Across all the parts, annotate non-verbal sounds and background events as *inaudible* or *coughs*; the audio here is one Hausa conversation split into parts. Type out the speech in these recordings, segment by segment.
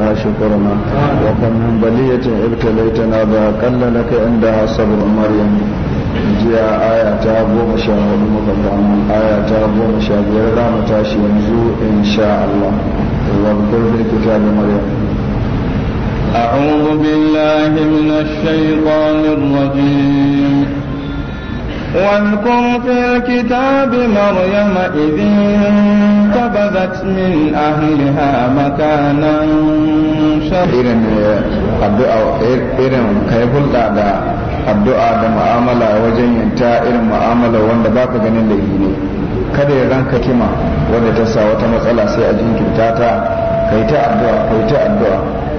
شكرنا وكم من بلية ابتليتنا بها قل لك عندها صبر مريم جيا آية تابو مشاهد مقدام آية تابو مشاهد لا تاشي ينزو إن شاء الله واذكر في كتاب مريم أعوذ بالله من الشيطان الرجيم واذكر في الكتاب مريم إذ انتبذت من أهلها مكانا شرقا addu'a da mu'amala wajen yanta irin mu'amala wanda baka ganin da ne kada ya ranka kima wanda ta sa wata matsala sai a jinkirta ta kai ta addu'a kai ta addu'a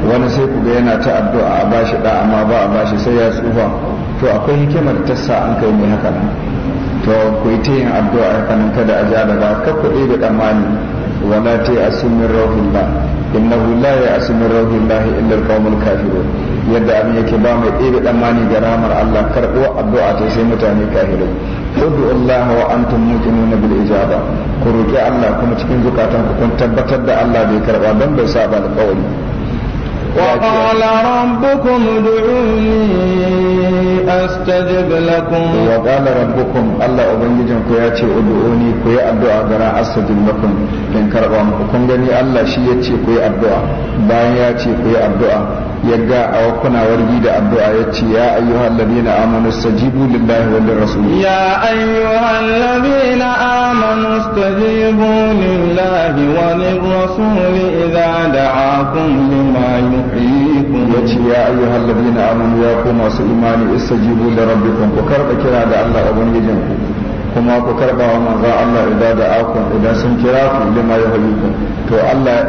wani sai ku ga yana ta addu'a a bashi da amma ba a bashi sai ya tsufa to akwai hikimar ta sa an kai mai haka to ku yi ta yin addu'a haka kada a ja da ba ka kuɗi da tsammani wala ta yi asumin rahullah innahu hula ya asumin ba illar alqawmul kafiro yadda abin yake ba mai da tsammani ga ramar Allah karɓo addu'a ta sai mutane kafirai ud'u Allah wa antum nuna bil ijaba ku roƙi Allah kuma cikin zukatan ku kun tabbatar da Allah bai karɓa don bai sa ba alƙawari وقال ربكم ادعوني أستجب لكم وقال ربكم الله أبنجم كياتي ادعوني كي أدعى غرا أستجب لكم لن كربام كون غني الله شي يتي كي أدعى باين ياتي كي أدعى يجا أو كنا ورجي دا أدعى يتي يا أيها الذين آمنوا استجيبوا لله وللرسول يا أيها الذين آمنوا استجيبوا لله وللرسول إذا دعاكم لما يؤمنون ya ce ya ayyu hallabi na amanu ya ku masu imani istajibu da rabbikum ku karɓa kira da Allah ubangijin ku kuma ku karɓa wa manzo Allah idan da akun idan sun kira ku lima ya hayyukum to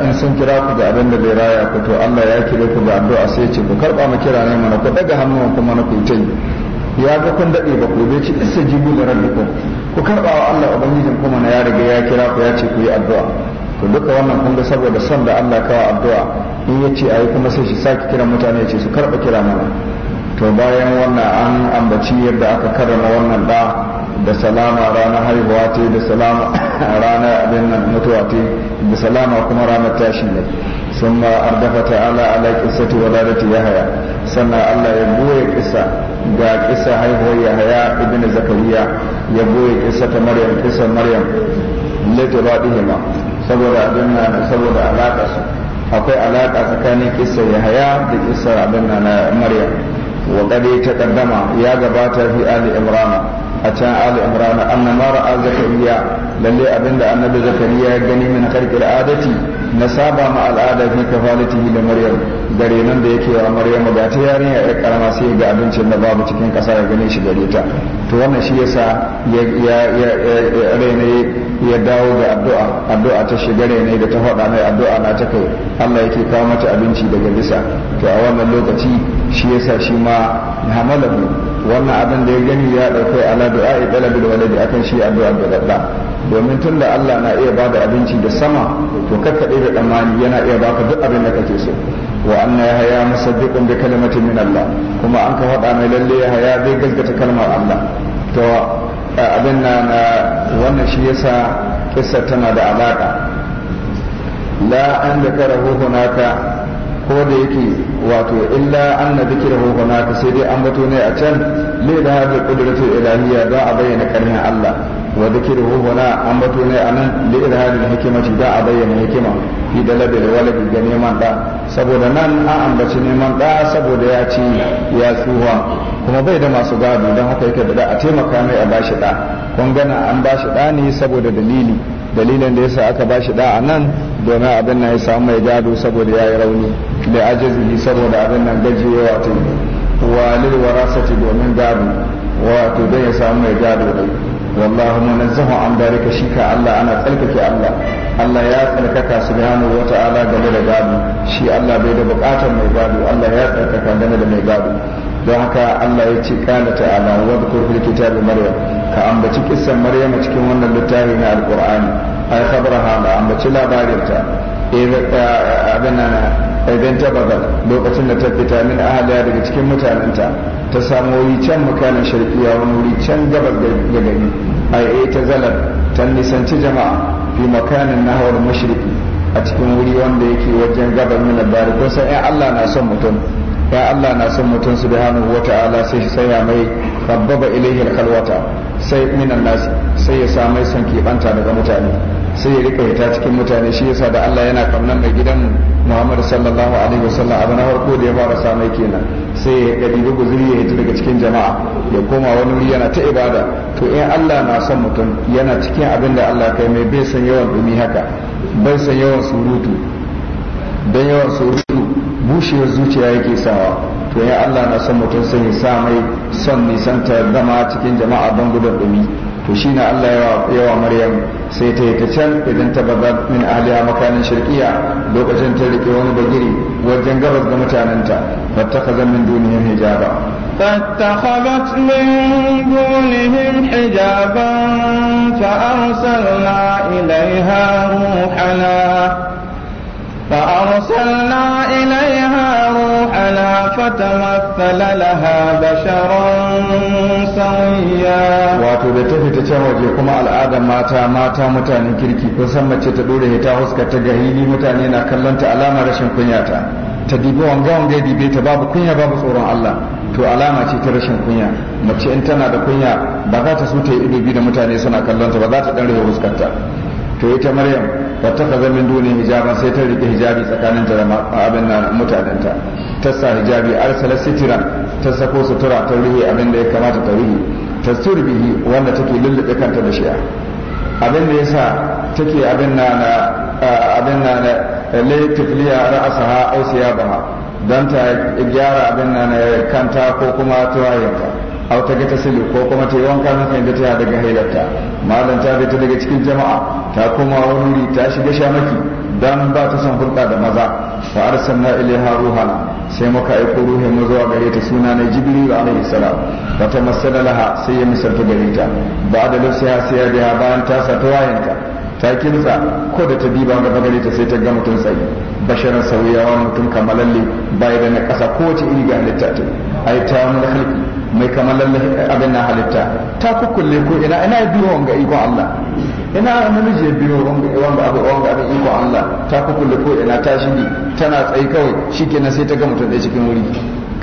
in sun kira ku ga abin bai raya ku to Allah ya kire ku ga addu'a sai ce ku karɓa mu kira mana ku daga hannuwan kuma na ku ta ya ga kun daɗe ba ku bai ce istajibu da rabbikum ku karɓa wa Allah ubangijin kuma na ya riga ya kira ku ya ce addu'a to duka wannan kun saboda son da Allah kawa addu'a in ya ce ayi kuma sai shi sake kiran mutane ya ce su karɓa kira mana to bayan wannan an ambaci yadda aka karrama wannan da da salama ranar haihuwa ce da salama *coughs* ranar abin nan mutuwa ce da salama kuma ranar tashi ne sun ma ardafa ta'ala ala ladati ya haya sannan Allah ya goye kisa ga kisa haihuwar haya ibn zakariya ya goye kisa ta maryam kisa maryam lajradihima saboda abin nan saboda su akwai alaƙa tsakanin kissar Yahaya da kissar abin nana Maryam wa ta taqaddama ya gabata fi ali imran a can ali imran anna ma ra'a zakariya lalle abinda annabi zakariya ya gani min kharqil adati na saba ma al'ada fi kafalatihi da maryam gare nan da yake wa maryam ga ta yarinya yar karama sai ga abincin da babu cikin kasa ya gane shi gare ta to wannan shi yasa ya raine ya dawo ga addu'a addu'a ta shiga ne da ta faɗa mai addu'a na ta kai Allah yake kawo mata abinci daga bisa to a wannan lokaci shi yasa shi ma hamalahu wannan abin da ya gani ya ɗauka ala du'a wale da akan shi addu'a da dadda domin tun da Allah na iya bada abinci da sama to kakkaɗe da tsammani yana iya baka duk abin da kake so wa na ya haya musaddiqun bi kalimatin min Allah kuma an ka faɗa mai lalle ya haya zai gaskata kalmar Allah to abin na na wannan shi yasa kissa tana da alaka la an da karahu hunaka ko da yake wato illa anna dhikrahu ta sai dai an bato ne a can lai da hada qudratu ilahiyya za a bayyana karhin Allah wa ko na an bato ne a nan da li hikima hikimati za a bayyana hikima fi da walabi ga neman da saboda nan an ambaci neman da saboda ya ci ya tsuwa kuma bai da masu gado don haka yake da a taimaka mai a bashi da kun gana an bashi da ne saboda dalili dalilin da yasa aka bashi da a nan domin abin nan ya samu mai gado saboda ya yi rauni da ajizihi saboda abin nan gajiye wato wa lil domin gado wato don ya samu mai gado dai wallahu munazzahu an dalika shi ka Allah ana tsarkake Allah Allah ya tsarkaka wata ala game da gado shi Allah bai da bukatar mai gado Allah ya tsarkaka game da mai gado don haka Allah ya ce kana ta'ala wa dhkur kitabi maryam ka ambaci kissan maryam cikin wannan littafi na alqur'ani ai khabraha ba ambaci labarinta eh, eh, abin nan idan eh, ta bagal lokacin da ta fita min ahaliya daga cikin mutanenta ta samu wuri can mukanin sharqiya wani wuri can gabas da gari yi ta zalar ta nisanci jama'a fi makanin nahawar mashirki a cikin wuri wanda yake wajen gabar min labari don sai ya Allah na son mutum ya Allah na son mutum sai sai ya mai rabbaba ilaihi kalwata sai minan nasi sai ya sa mai son banta daga mutane sai ya rika hita cikin mutane shi yasa da Allah yana kamnan mai gidan Muhammad sallallahu alaihi wasallam abu harko da ya fara samai mai kenan sai ya ga dibi guzuri ya hita daga cikin jama'a ya koma wani wuri yana ta ibada to in Allah na son mutum yana cikin abin da Allah kai mai bai san yawan dumi haka bai san yawan surutu dan yawan surutu bushewar zuciya yake sawa to ya Allah na son mutum sai ya sa mai son nisanta zama cikin jama'a don gudun dumi to shi na Allah yawa Maryam sai ta yi ta can idan ta baza min aliya makanin shirkiya lokacin ta rike wani bagiri wajen gabas ga mutanenta kazan min duniyar hijaba فاتخذت من دونهم حجابا فأرسلنا إليها روحنا فأرسلنا فتمثل لها بشرا سويا wato da ta fita can waje kuma al'adar mata mata mutane kirki kun san mace ta dore ta huska ta gahili mutane na kallon ta alama rashin kunya ta ta dibi wanga wanga dibe ta babu kunya babu tsoron Allah to alama ce ta rashin kunya mace in tana da kunya ba za ta so ta yi ido da mutane suna kallon ta ba za ta dan rage huskar ta to ita Maryam wata ka min duni hijaban sai ta rike hijabi tsakanin ta da abin nan mutanen ta ta sa hijabi arsala sitira ta sako sutura ta rihi abin da ya kamata ta rihi ta surbihi wanda take lullube kanta da shi'a abin da yasa take abin na na abin na na la ra'saha aw siyabaha dan ta gyara abin na eh, kanta ko kuma tuwayinta aw ta ga ko kuma ta yi wanka haka inda ta daga hailarta malam ta fita daga cikin jama'a ta koma wani wuri ta shiga shamaki dan ba ta son hulɗa da maza fa arsalna ilaiha ruhana sai muka aiko ruhin mu zuwa gare ta suna na jibril alaihi salam fa tamassala laha sai ya misalta gare ta ba da lusiya sai ya biya bayan ta sa ta wayanta ta kinsa ko da ta diba ga gare ta sai ta ga mutum tsayi basharan sauyawa mutum kamalalle bai da na ko kowace iri ga halitta ta ai ta mulki mai lallai abin na halitta ta kukkulle ko ina ina biyo wanga iko Allah ina namiji ya biyo wanga abu wanga abin iko Allah ta kukkulle ko ina ta shi tana tsayi kawai shikenan sai ta ga mutum da cikin wuri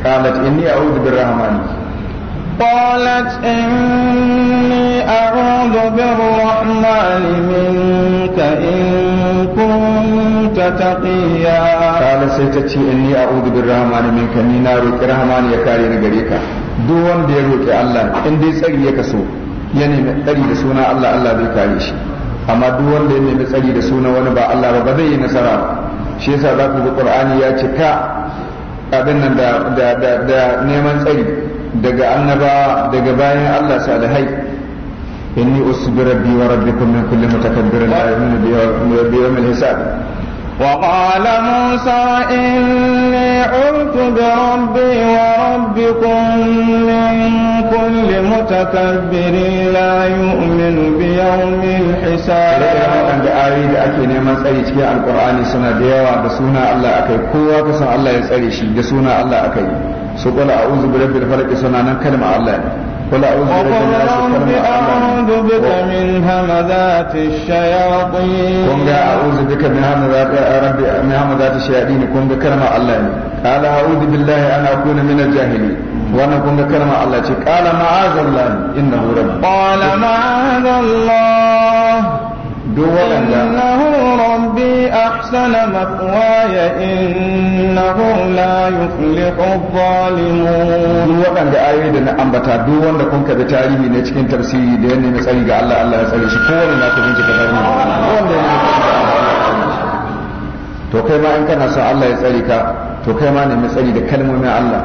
qalat inni a'udhu birrahmani قالت إني أعوذ بالرحمن منك إن كنت kunta taqiya kala sai ta ce inni a'udhu birrahmani minka ni na roki rahmani ya kare ni gare ka duk wanda ya roki Allah in dai tsari ya kaso ya nemi tsari da suna Allah Allah zai kare shi amma duk wanda ya nemi tsari da suna wani ba Allah ba ba zai yi nasara shi yasa za ku ga Qur'ani ya cika abin nan da da da neman tsari daga annaba daga bayan Allah salihai إني أصبر ربي min من كل متكبر لا يؤمن بيوم الحساب وقال موسى إني عرت بربي وربكم من كل متكبر لا يؤمن بيوم الحساب da da ake neman tsari cikin alkur'ani suna da yawa da suna Allah akai kowa kusan Allah ya tsare shi da suna Allah akai su kula a uzu birabi da falaki suna nan kalma Allah ne kula a uzu birabi da falaki a'udhu bika min hamazati shayatin kun ga a'udhu bika min hamazati rabbi min hamazati shayatin kun ga kalma Allah ne qala a'udhu billahi ana akuna min al-jahili wannan kun ga kalma Allah ce qala ma'azallah innahu rabbi qala ma'azallah إنه ربي أحسن مثواي إنه لا يفلح الظالمون دو waɗanda ayoyi da na ambata دو wanda kun كنك tarihi ne cikin tafsiri da yanne na الله ga Allah Allah ya tsare shi kowanne na ta wanda ya to kai ma in kana son Allah ya tsare ka to kai ma nemi tsari da kalmomin Allah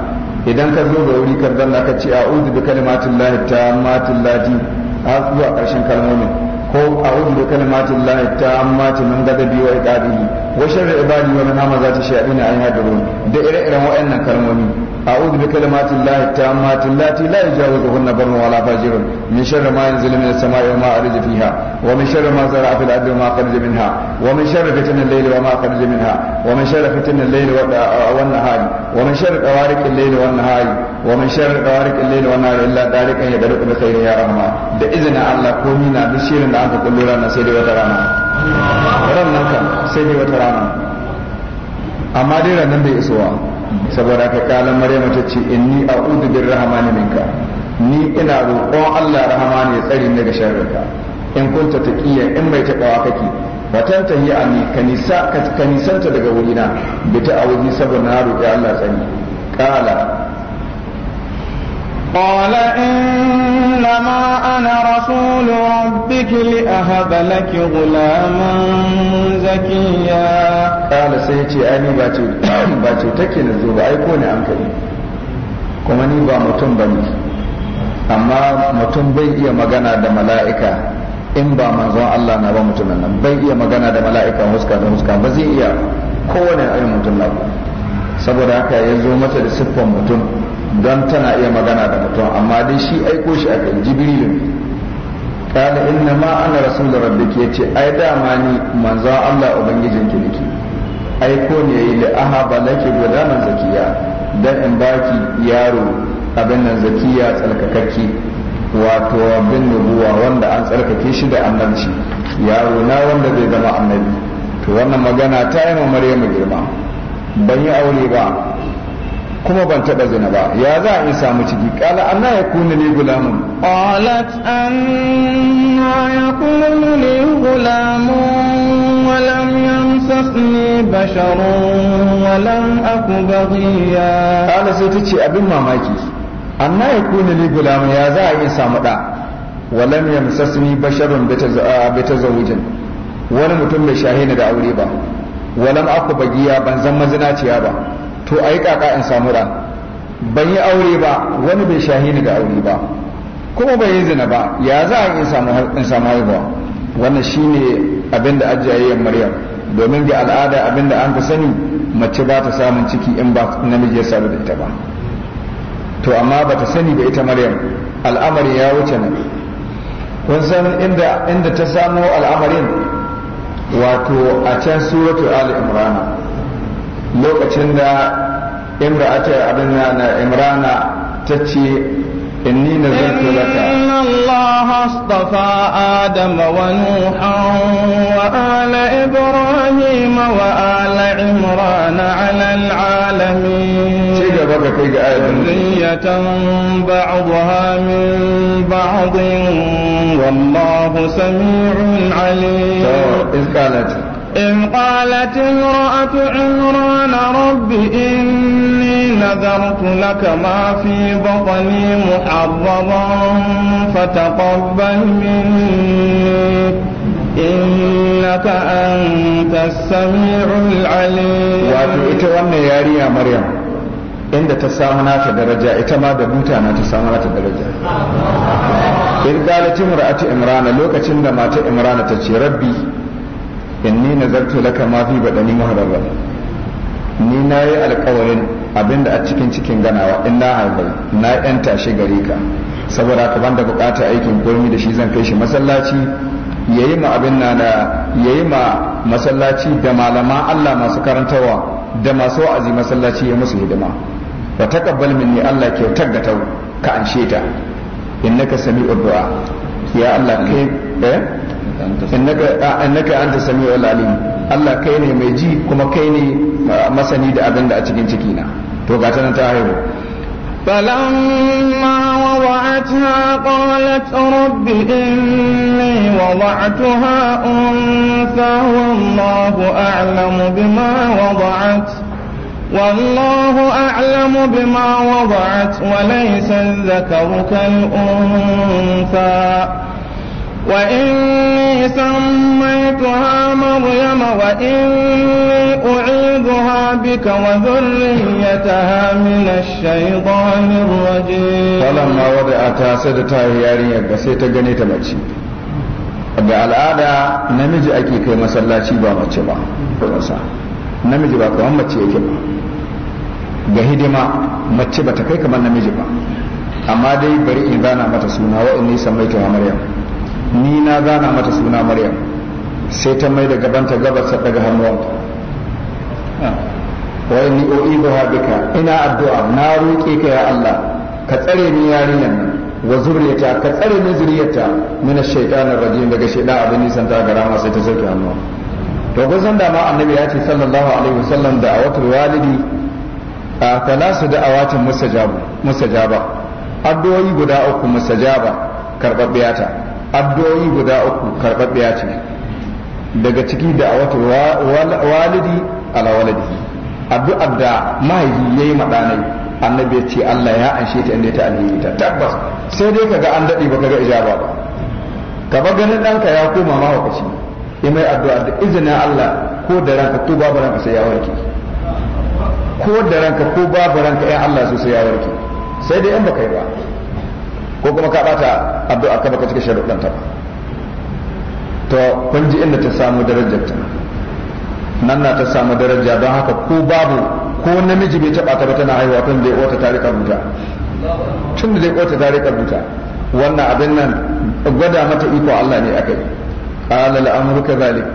idan ka zo ga wuri ka zanna ka ce a'udhu bi kalimatin lahi zuwa ƙarshen kalmomin ko a'udhu bi kalimatillahi tammati min ghadabi wa iqabihi wa sharri ibadi wa min hamazati shayatin an da ire-iren waɗannan kalmomi أعوذ بكلمات الله التامات التي لا يجاوزهن بر ولا فاجر من شر ما ينزل من السماء وما أرج فيها ومن شر ما زرع في الأرض وما خرج منها ومن شر فتن الليل وما خرج منها ومن شر فتن الليل والنهار ومن شر طوارق الليل والنهار ومن شر طوارق الليل والنهار إلا ذلك يدرك بخير يا رحمة بإذن الله كونينا بشير أنت كل رانا سيدي وترانا ranar kan sai dai wata rana amma dai ranar bai isowa saboda ka kala maryama ta ce inni a'udhu rahmani minka ni ina roƙon Allah rahmani ya tsare ni daga sharrinka in kunta taqiya in mai taɓawa kake watan tahi ani kanisa kanisanta daga wurina bi a awuji saboda na roƙi Allah tsari kala qala in إنما أنا رسول ربك لأهب لك غلاما زكيا قال سيتي أني باتو *clears throat* باتو تكي نزوب أيكون أنكلي kuma ni ba mutum ba ne amma mutum bai iya magana da mala'ika in ba manzon Allah na ba mutumin nan bai iya magana da mala'ika huska da huska ba zai iya kowane irin mutum na saboda haka ya zo mata da siffan mutum don tana iya magana da mutum amma dai shi aiko shi a kan jibrilu kala inna ma ana rasul da ke yace ai dama ni manzo Allah ubangijin ki nake aiko ne yayi li ahaba laki gudanan zakiya dan in baki yaro abin nan zakiya tsalkakakke wato bin nubuwa wanda an tsarkake shi da annabci yaro na wanda zai zama annabi to wannan magana ta yi ma maryamu girma ban yi aure ba kuma ban taɓa zina ba ya za a yi samu ciki Ƙala anna ya kuna ne gulamun qalat anna ya kuna ne gulamun wa lam yamsasni basharun wa lam aku baghiya Ƙala sai ta ce abin mamaki anna ya kuna ne gulamun ya za a yi samu da wa lam yamsasni basharun bi tazawujin wani mutum bai shahina da aure ba walam lam aku bagiya ban zan mazinaciya ba to a yi kaka in samu ran ban yi aure ba wani bai shahi ni ga aure ba kuma bai yi zina ba ya za a in samu haihuwa wannan ne abin da yin maryam domin ga al'ada abinda da an ka sani mace ba ta samun ciki in ba namiji ya samu da ita ba to amma ba ta sani da ita maryam al'amari ya wuce nan kun san inda ta samu al'amarin wato a can suratul ali imrana lokacin da imra ta yi abin na na imrana ta ce in ni na zartu laka inna Allah astafa adama wa nuhan wa ala ibrahim kai ga ayatun zuriyatan ba'dha min ba'd wallahu إذ قالت امرأة عمران رب إني نذرت لك ما في بطني محرضا فتقبل مني إنك أنت السميع العليم وأتوئت وأن يا مريم inda ta samu daraja ita ma da na ta samu daraja in galati imra'ati imrana lokacin da mata imrana ta ce rabbi inni nazartu laka ma fi badani muharrar ni na yi alkawarin abinda a cikin cikin ganawa in na harbai na yanta shi gare ka saboda ka banda bukata aikin komi da shi zan kai shi masallaci yayi ma abin na da yayi ma masallaci da malama Allah masu karantawa da masu wa'azi masallaci ya musu hidima wa taqabbal minni Allah kyautar da ta ka anshe ta innaka sami'ud du'a ya Allah kai eh innaka innaka anta sami'ul alim Allah kai ne mai ji kuma kai ne masani da abin da a cikin ciki na to ga ta ta haihu فلما وضعتها قالت رب إني وضعتها أنثى والله أعلم بما وضعت والله أعلم بما وضعت وليس الذكر كالأنثى وإني سميتها مريم وإني أعيدها بك وذريتها من الشيطان الرجيم فلما وضعتها سدتها ياريا سيتا جنيتا ماشي da al'ada namiji ake kai masallaci ba mace ba namiji ba kamar mace yake ba ga hidima mace ba ta kai kamar namiji ba amma dai bari in zana mata suna wa inni sammaitu maryam ni na zana mata suna maryam sai ta mai da gabanta gabas ta daga hannuwanta ah. wa inni u'idha bika ina addu'a na roƙe ka ya Allah ka tsare ni yarinyar nan wa zuriyata ka tsare ni zuriyata mina ash-shaytanir rajim daga shaytan abin nisan ta gara sai ta sauke hannuwan to kun san da ma annabi ya ce sallallahu alaihi wasallam da awatul walidi a talasu da awatin musajaba addu'o'i guda uku musajaba karɓaɓɓiya ta addu'o'i guda uku karɓaɓɓiya ce daga ciki da awatul walidi ala walidi addu'ar da mahaifi yayi maɗanai annabi ya ce Allah ya anshe ta inda ta alheri ta tabbas sai dai kaga an dade baka ga ijaba ba ka ba ganin danka ya koma ma wakaci ya mai addu'a da izinin Allah ko da ranka ko babu ranka sai ya warke ko da ranka ko babu ranka ya Allah su sai ya warke sai dai in baka yi ba ko kuma ka bata addu'a ka baka cika sharuɗan ta ba to kun ji inda ta samu darajar ta nan na ta samu daraja don haka ko babu ko namiji bai taba ta ba tana haihuwa tun da ya wata tarika rubuta tun da ya wata tarika rubuta wannan abin nan gwada mata iko Allah ne aka yi qala al-amru kadhalik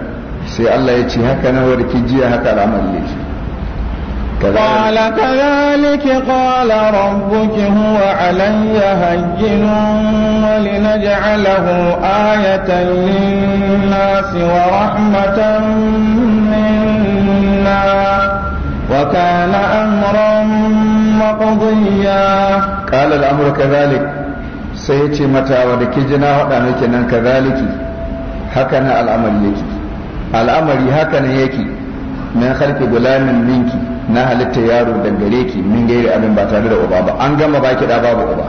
sai Allah ya ce haka na warki jiya haka al'amari yake قال كذلك قال ربك هو علي هين ولنجعله آية للناس ورحمة منا وكان أمرا مقضيا قال الأمر كذلك سيتي متى ودكجنا وقامك كذلك haka na al'amari yake al'amari haka nan yake min halki gulamin minki na halitta yaro dangare ki min gairi abin ba tare da uba ba an gama baki da babu uba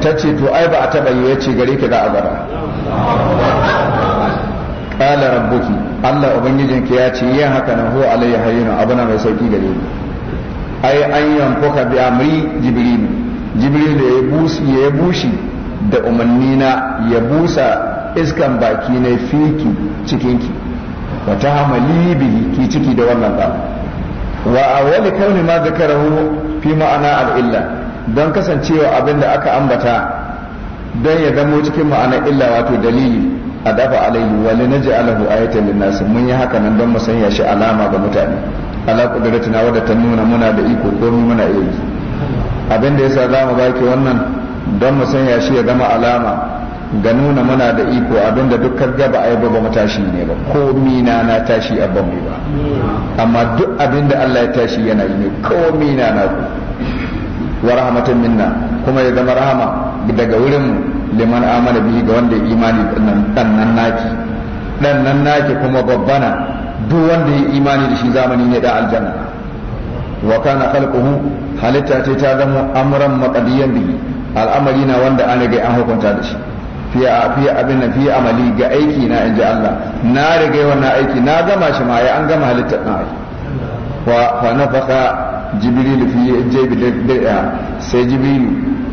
ta ce to ai ba a taba yi yace gare ki za a bara Kala rabbuki Allah ubangijinki ya ce yin haka nan huwa alayya hayyuna abuna mai sauki gare ni ai an kuka bi amri jibrilu jibrilu ya busi ya bushi da umarni na ya busa iskan baki na fiki cikinki wa ta hamali bihi ki ciki da wannan ɗan wa wani kauni ma zakarahu fi ma'ana al'illa don kasancewa abin da aka ambata don ya zamo cikin ma'anar illa wato dalili a dafa alaihi wali na ja'alahu ayatan nas mun yi haka nan don mu sanya shi alama ga mutane ala qudratina wadda ta nuna muna da iko ko muna iya abinda abin da yasa zamu baki wannan don mu sanya shi ya zama alama ga nuna muna da iko abinda dukkan gaba a yi ba tashi ne ba ko mina na tashi a ban ba amma duk abinda Allah ya tashi yana yi ne ko mina na ku wa rahmatun minna kuma ya zama rahama daga wurin mu liman amana bi ga wanda ya imani dan nan naki dan nan naki kuma babbana duk wanda ya imani da shi zamani ne da aljanna wa kana khalquhu halitta ce ta zama amran maqdiyan bi al'amari na wanda an rage an hukunta da shi fiye abin nan fiye amali ga aiki na ji Allah na riga wannan aiki na gama shi ma ya an gama halitta na aiki wa fa na faka jibril fi jibril da sai jibril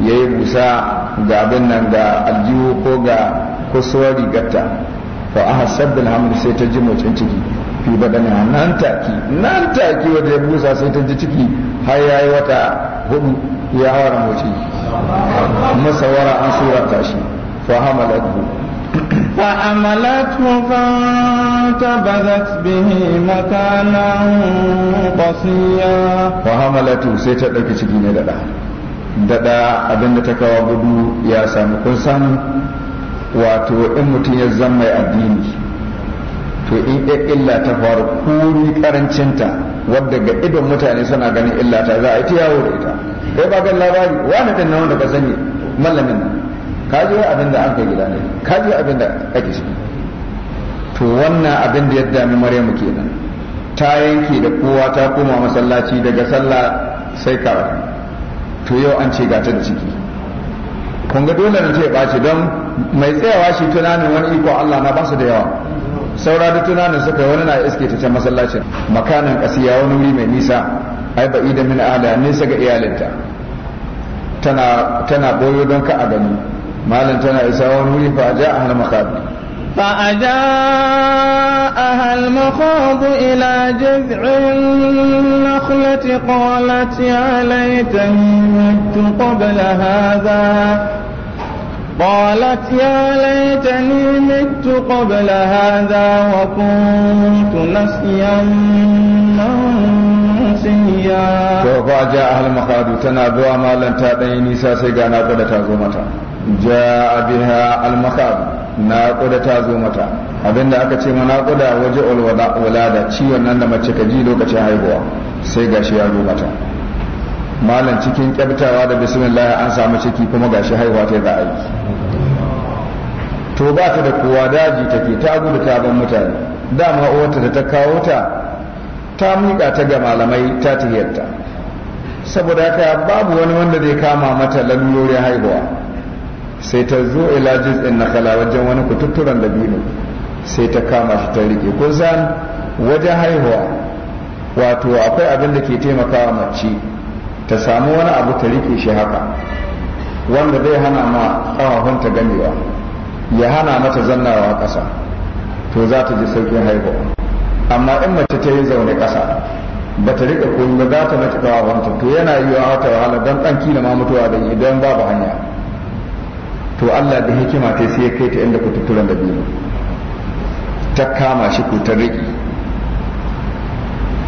yayi busa ga abin nan ga aljiwo ko ga kusuwar rigarta fa aha sabbil hamd sai ta ji motsin ciki fi badana nan take nan take wanda ya busa sai ta ji ciki har yayi wata hudu ya hawara motsi masawara an surata shi فحملته فحملته فانتبذت به مكانا قصيا فحملته سيتدك شكينا daɗa abinda ta kawo gudu ya sami kun san wato in mutum mai addini to in ɗan illa ta faru kuri karancinta wadda ga idon mutane suna ganin illa ta za a yi ta yawo da ita kai ba labari wani ɗin na wanda ka sani mallamin ka je abin da an kai gida ne ka je abin da kake ciki? to wannan abin da ya dami maryamu kenan ta yanke da kowa ta koma masallaci daga sallah sai ka to yau an ce gata da ciki kun ga dole ne ce ɓaci don mai tsayawa shi tunanin wani iko Allah na basu da yawa saura da tunanin suka wani na iske ta can masallacin makanan kasiya wani wuri mai nisa ai ba idan min ala nesa ga iyalinta tana boyo don ka a gani ما لم تنأسهم فأجاءها المخاض فأجاءها المخاض إلى جذع النخلة قالت يا ليتني مت قبل هذا قالت يا ليتني مت قبل هذا وكنت نسيا نسيا to fa ja ahal tana zuwa malan ta dan nisa sai ga na kuda ta zo mata ja al na ta zo mata abinda aka ce mana kuda waje al walada ciwon nan da mace ka ji lokacin haihuwa sai gashi ya zo mata cikin kyabtawa da bismillah an samu ciki kuma gashi haihuwa ta za a yi to ba ta da kowa daji take ta gudu ta ban mutane dama uwarta da ta kawo ta ta miƙa ta ga malamai ta tiyarta saboda haka babu wani wanda zai kama mata lalurorin haihuwa sai ta zo ila ɗin na kala wajen wani kututturan dabino sai ta kama shi ta riƙe ko wajen haihuwa wato akwai abin da ke taimakawa mace ta samu wani abu ta riƙe shi haka wanda zai hana ma ta gamewa ya hana mata zannawa ƙasa to za ta ji sauƙin haihuwa amma in mace ta yi zaune ƙasa ba ta riƙa koyi ba za ta mace kawabanta to yana yi wa wata wahala don ɗan kila ma mutuwa da idan babu hanya to Allah da hikima ta sai ya kai ta inda kututturan da biyu ta kama shi ku ta riƙi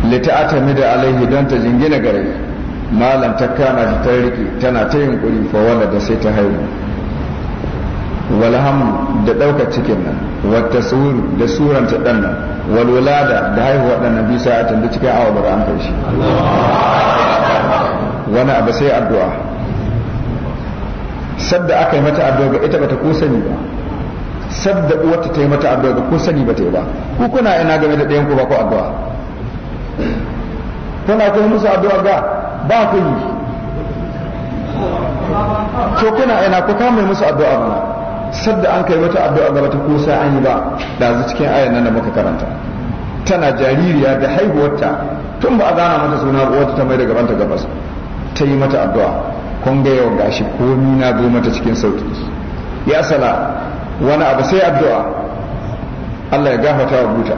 lita'ata da alaihi don ta jingina gare malam ta kama shi ta riƙi tana ta yin ƙuri fa wanda da sai ta haihu walham da ɗaukar cikin nan wata tasawur da suranta ɗan nan walwulada da haihuwa ɗan nan bisa a tambaye cikin awa bara an kai shi wani abu sai addu'a sabda aka yi mata addu'a ga ita bata ko sani ba sabda uwarta ta yi mata addu'a ga ko sani ba ta yi ba ku kuna ina game da ɗayan ku ba ko addu'a kuna kuma musu addu'a ga ba ku yi to kuna ina ku kama musu addu'a ba sadda an kai mata addu'a ga ta ko sai an yi ba da cikin ayan nan da muka karanta tana jaririya da haihuwarta tun ba a gana mata suna uwarta ta mai da gabanta gabas ta yi mata addu'a kun ga yau gashi ni na zo mata cikin sauki ya sala wani abu sai addu'a Allah ya gafata wa buta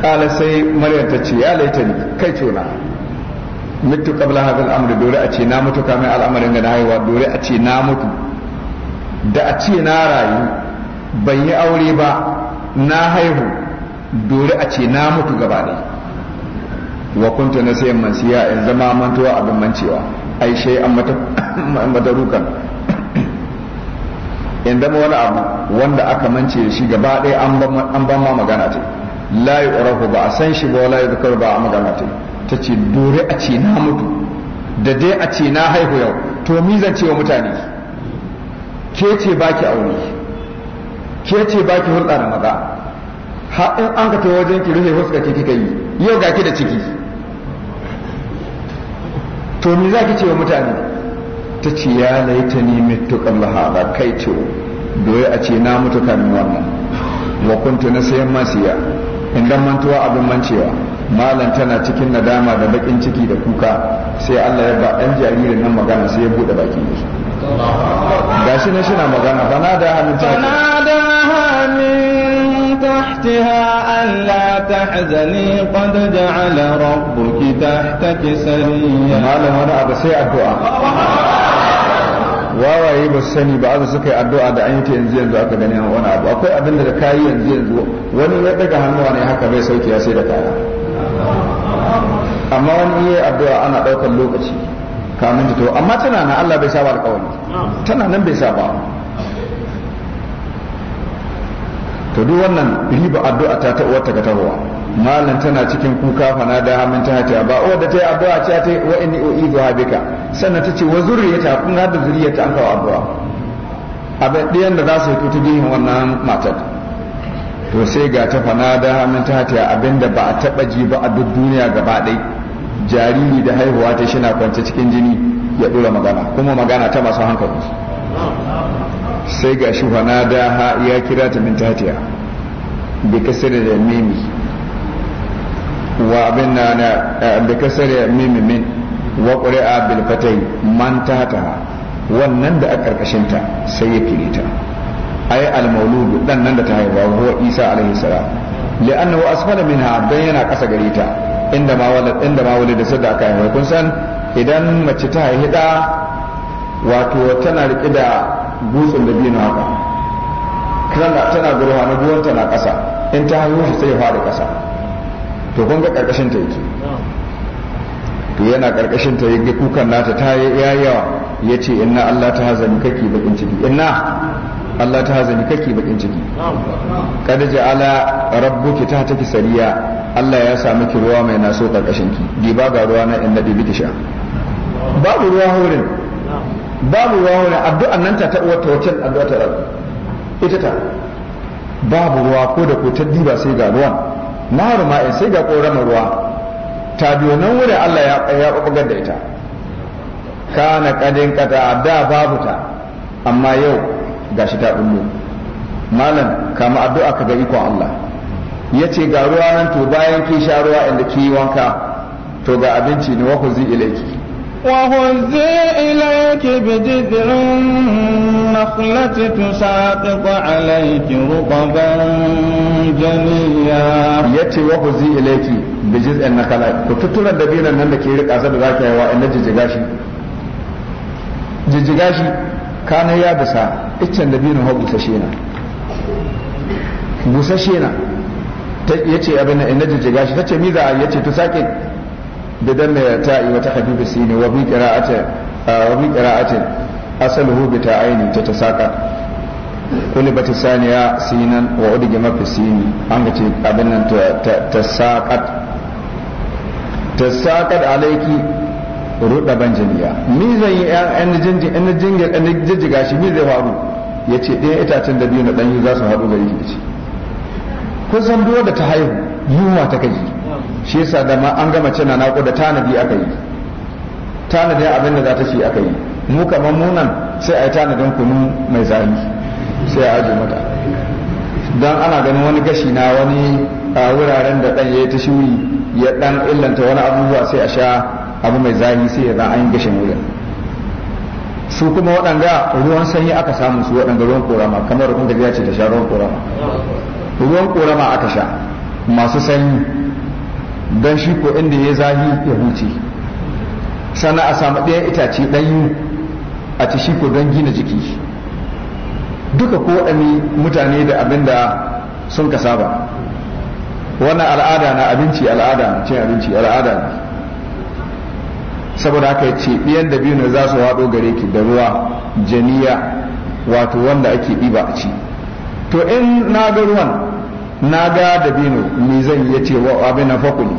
kala sai maryam ta ce ya laita ni kai tona mutu qabla hadha al-amr dole a ce na mutu kamar al'amarin ga na haihuwa dole a ce na mutu da a ce na rayu ban yi aure ba na haihu dole a ce na mutu gaba ne wa kuntu na sayan mansiya in zama mantuwa abin mancewa ai shai an madarukan *coughs* in dama wani abu wanda aka mance shi gaba ɗaya an ban ma magana ce layi yu'rafu ba a san shi ba la zukar ba a magana ce ta ce dore a ce na mutu da dai a ce na haihu yau to mi zan ce wa mutane ke ce ba ki aure ke ce ba ki hulɗa da maza har in an ka tawo wajen ki rufe huska ki kika yi yau ga ki da ciki to me za ki ce wa mutane ta ce ya laita ni mitu kalla kai ce doye a ce na mutu wannan wa kuntu na sayan masiya in dan mantuwa abin mancewa malam tana cikin nadama da bakin ciki da kuka sai Allah ya ba ɗan jaririn nan magana sai ya buɗe baki gashi ne shi na magana bana da hannun ta da min tahtiha an la tahzani qad ja'ala rabbuki tahtaki sariya malam wani abu sai addu'a wawaye ba su sani ba aka suka yi addu'a da an yi ta yanzu yanzu aka gani wani abu akwai abin da ka yi yanzu yanzu wani ya daga hannuwa ne haka bai sauke ya sai da kaya amma wani iya addu'a ana ɗaukar lokaci kamun ta to amma tana nan Allah bai saba alƙawari tana nan bai saba to duk wannan riba addu'a ta ta uwarta ga tahowa malam tana cikin kuka fana da hamin ta hata ba uwar da ta yi addu'a ce ta wa inni uidu habika sannan ta ce wa zuriyata kun ga da zuriyata an kawo addu'a abin ɗayan da za su fito ta gihin wannan matar to sai ga ta fana da hamin ta hata abinda ba a taba ji ba a duk duniya gaba ɗaya jariri da haihuwa ta shi na kwance cikin jini ya dora magana kuma magana ta masu hankali sai ga shi hana da ha ya kira ta min tatiya bi kasar da mimi wa abin na na bi kasar da mimi min wa qur'a bil fatai man tata wannan da a ƙarƙashin ta sai ya ta. ai al mauludu dan nan da ta haifawa wa isa alaihi salam li'annahu asfala minha dan yana kasa gare ta inda ma wala inda ma wala da sadda aka yi kun san idan mace ta yi hida wato tana rike da gutsun da biyu haka kana tana gurwa na ruwan tana kasa in ta haihu shi sai ya fara ƙasa to kun ga karkashin ta yake to yana karkashin ta yake kukan nata ta yayi yawa yace inna Allah ta hazani kake bakin ciki inna Allah ta hazani kake bakin ciki kada ja'ala rabbuki ta taki sariya Allah ya samu ki ruwa mai naso karkashin ki diba ga ruwa na in nadi biki sha babu ruwa horin babu ruwa horin addu'an nan ta uwar ta wacce addu'a ta rabu ita ta babu ruwa ko da ko ta diba sai ga ruwan na ruma in sai ga koramar ruwa ta biyo nan wurin Allah ya ya kokar da ita kana kadin kata da babu ta amma yau gashi ta bullo malam kama addu'a ka ga ikon Allah ya ce ga ruwa nan to bayan ki sha ruwa inda ki yi wanka to ga abinci ne wa ku zi ilaiki وهزي إليك بجذع النخلة تساقط عليك رطبا جنيا يتي وهزي إليك بجذع النخلة da ke أنك يريك أسد ذاك يوا إن جزجاشي جزجاشي kana ya bisa iccen da biyu ha busashe na busashe na ya ce abin na ina jijjiga shi ta ce miza za a yi ce ta sake da dan mai ta yi wata habibu su ne wa bi ƙira'atin asal bi ta aini ta ta saka kuli bata saniya sinan wa udige mafi sini an ga ce abin nan ta saƙat ta saƙat alaiki ruɗa ban jami'a mi zan yi yan jijjiga shi mi zai faru ya ce ɗaya itacen da biyu na ɗanyu za su haɗu gari ki kusan duwa da ta haihu yunwa ta kai shi yasa da ma an gama cina da tanadi aka yi tanadin abin da za ta ci aka yi mu kamar munan sai a yi tanadin kunu mai zafi sai a ajiye mata don ana ganin wani gashi na wani a wuraren da ɗan ya yi ta shuri ya ɗan illanta wani abubuwa sai a sha abu mai zafi sai ya za an yi gashin wuyan su kuma waɗanda ruwan sanyi aka samu su waɗanda ruwan korama kamar rukun biya ce ta sha ruwan korama ruwan korama aka sha masu sanyi don shi ko inda ya zahi ya huce sannan a samu ɗaya itace ɗanyu a ci shi ko don gina jiki duka ko waɗanne mutane da abin da sun ka saba wannan al'ada na abinci al'ada cin abinci al'ada ne saboda aka yi ce biyan da biyu ne za su waɗo gare ki da ruwa janiya wato wanda ake ɗiba a ci to in na ga ruwan na ga da biyu me zan yi ce wa abin na fakuli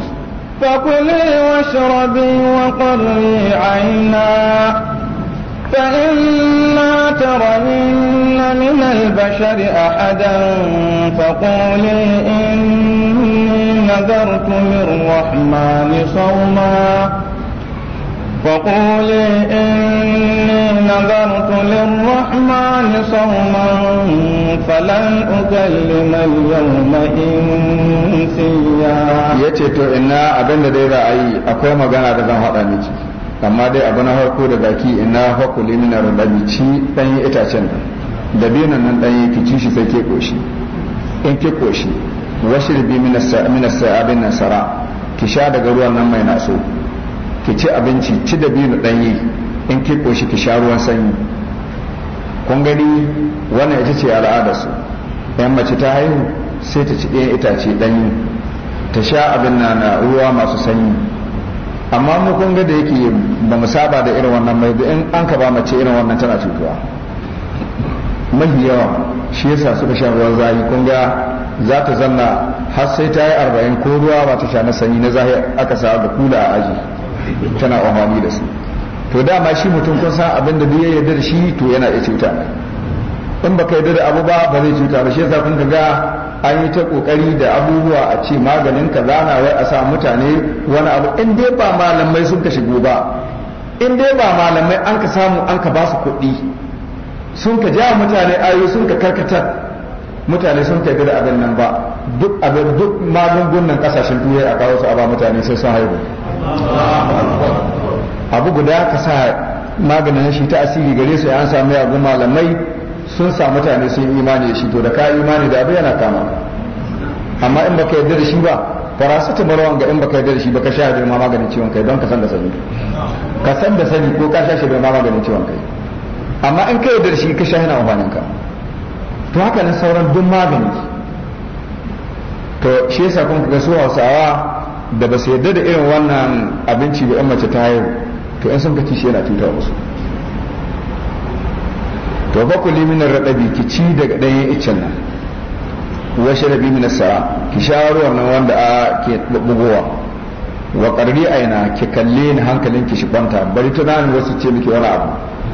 fakuli wa sharabi wa qurri aina فإما ترين من البشر أحدا فقولي إني نذرت للرحمن صوما فقولي إني نذرت للرحمن صوما فلن أكلم اليوم إنسيا yace to ina abin da dai za a yi akwai magana da zan haɗa miki amma dai abu na harko da baki ina hakuli mina rubabi ci ɗanyen itacen da binan nan ɗanyen ki ci sai ke koshi in ki koshi washirbi mina abin nasara ki sha daga ruwan nan mai naso ki ci abinci ci da biyu yi in ki koshi ki sha ruwan sanyi kun gani wannan ita ce su ɗan mace ta haihu sai ta ci ɗayan itace ɗanyi ta sha abin na na ruwa masu sanyi amma mu kun ga da yake ba mu saba da irin wannan mai da in an ka ba mace irin wannan tana cutuwa mafi yawa shi yasa suka sha ruwan zahi kun ga za ta zanna har sai ta yi arba'in ko ruwa ba ta sha na sanyi na zahi aka sa da kula a aji tana amfani da su to dama shi mutum kun san abin da ya yarda da shi to yana iya cuta in baka yarda da abu ba ba zai cuta ba shi yasa kun ga an yi ta kokari da abubuwa a ce maganin za na wai a sa mutane wani abu in dai ba malamai sun ka shigo ba in dai ba malamai an ka samu an ka ba su kuɗi sun ka ja mutane ayi sun ka karkatar mutane sun tafi da abin nan ba duk abin duk magungunan kasashen turai a kawo su a ba mutane sai sun haihu abu guda ka sa maganin shi ta asiri gare su an samu yagun malamai sun sa mutane sun imani da shi to da ka imani da abu yana kama amma in baka yarda da shi ba farasatu marwan ga in baka yarda da shi baka sha da maganin ciwon kai don ka san da sani ka san da sani ko ka sha shi da maganin ciwon kai amma in ka yarda da shi ka sha yana amfanin ka to haka nan sauran duk magani to shi yasa kun ga su Hausawa da ba su yarda da irin wannan abinci ba yan mace ta yau to yan sun kaci shi yana cuta musu to ba ku liminar raɗabi ki ci daga ɗayan iccen nan wa sharabi min sara ki sha ruwan nan wanda a ke bugowa wa qarri aina ki kalle ni hankalin ki shi banta bari tunanin wasu ce miki wani abu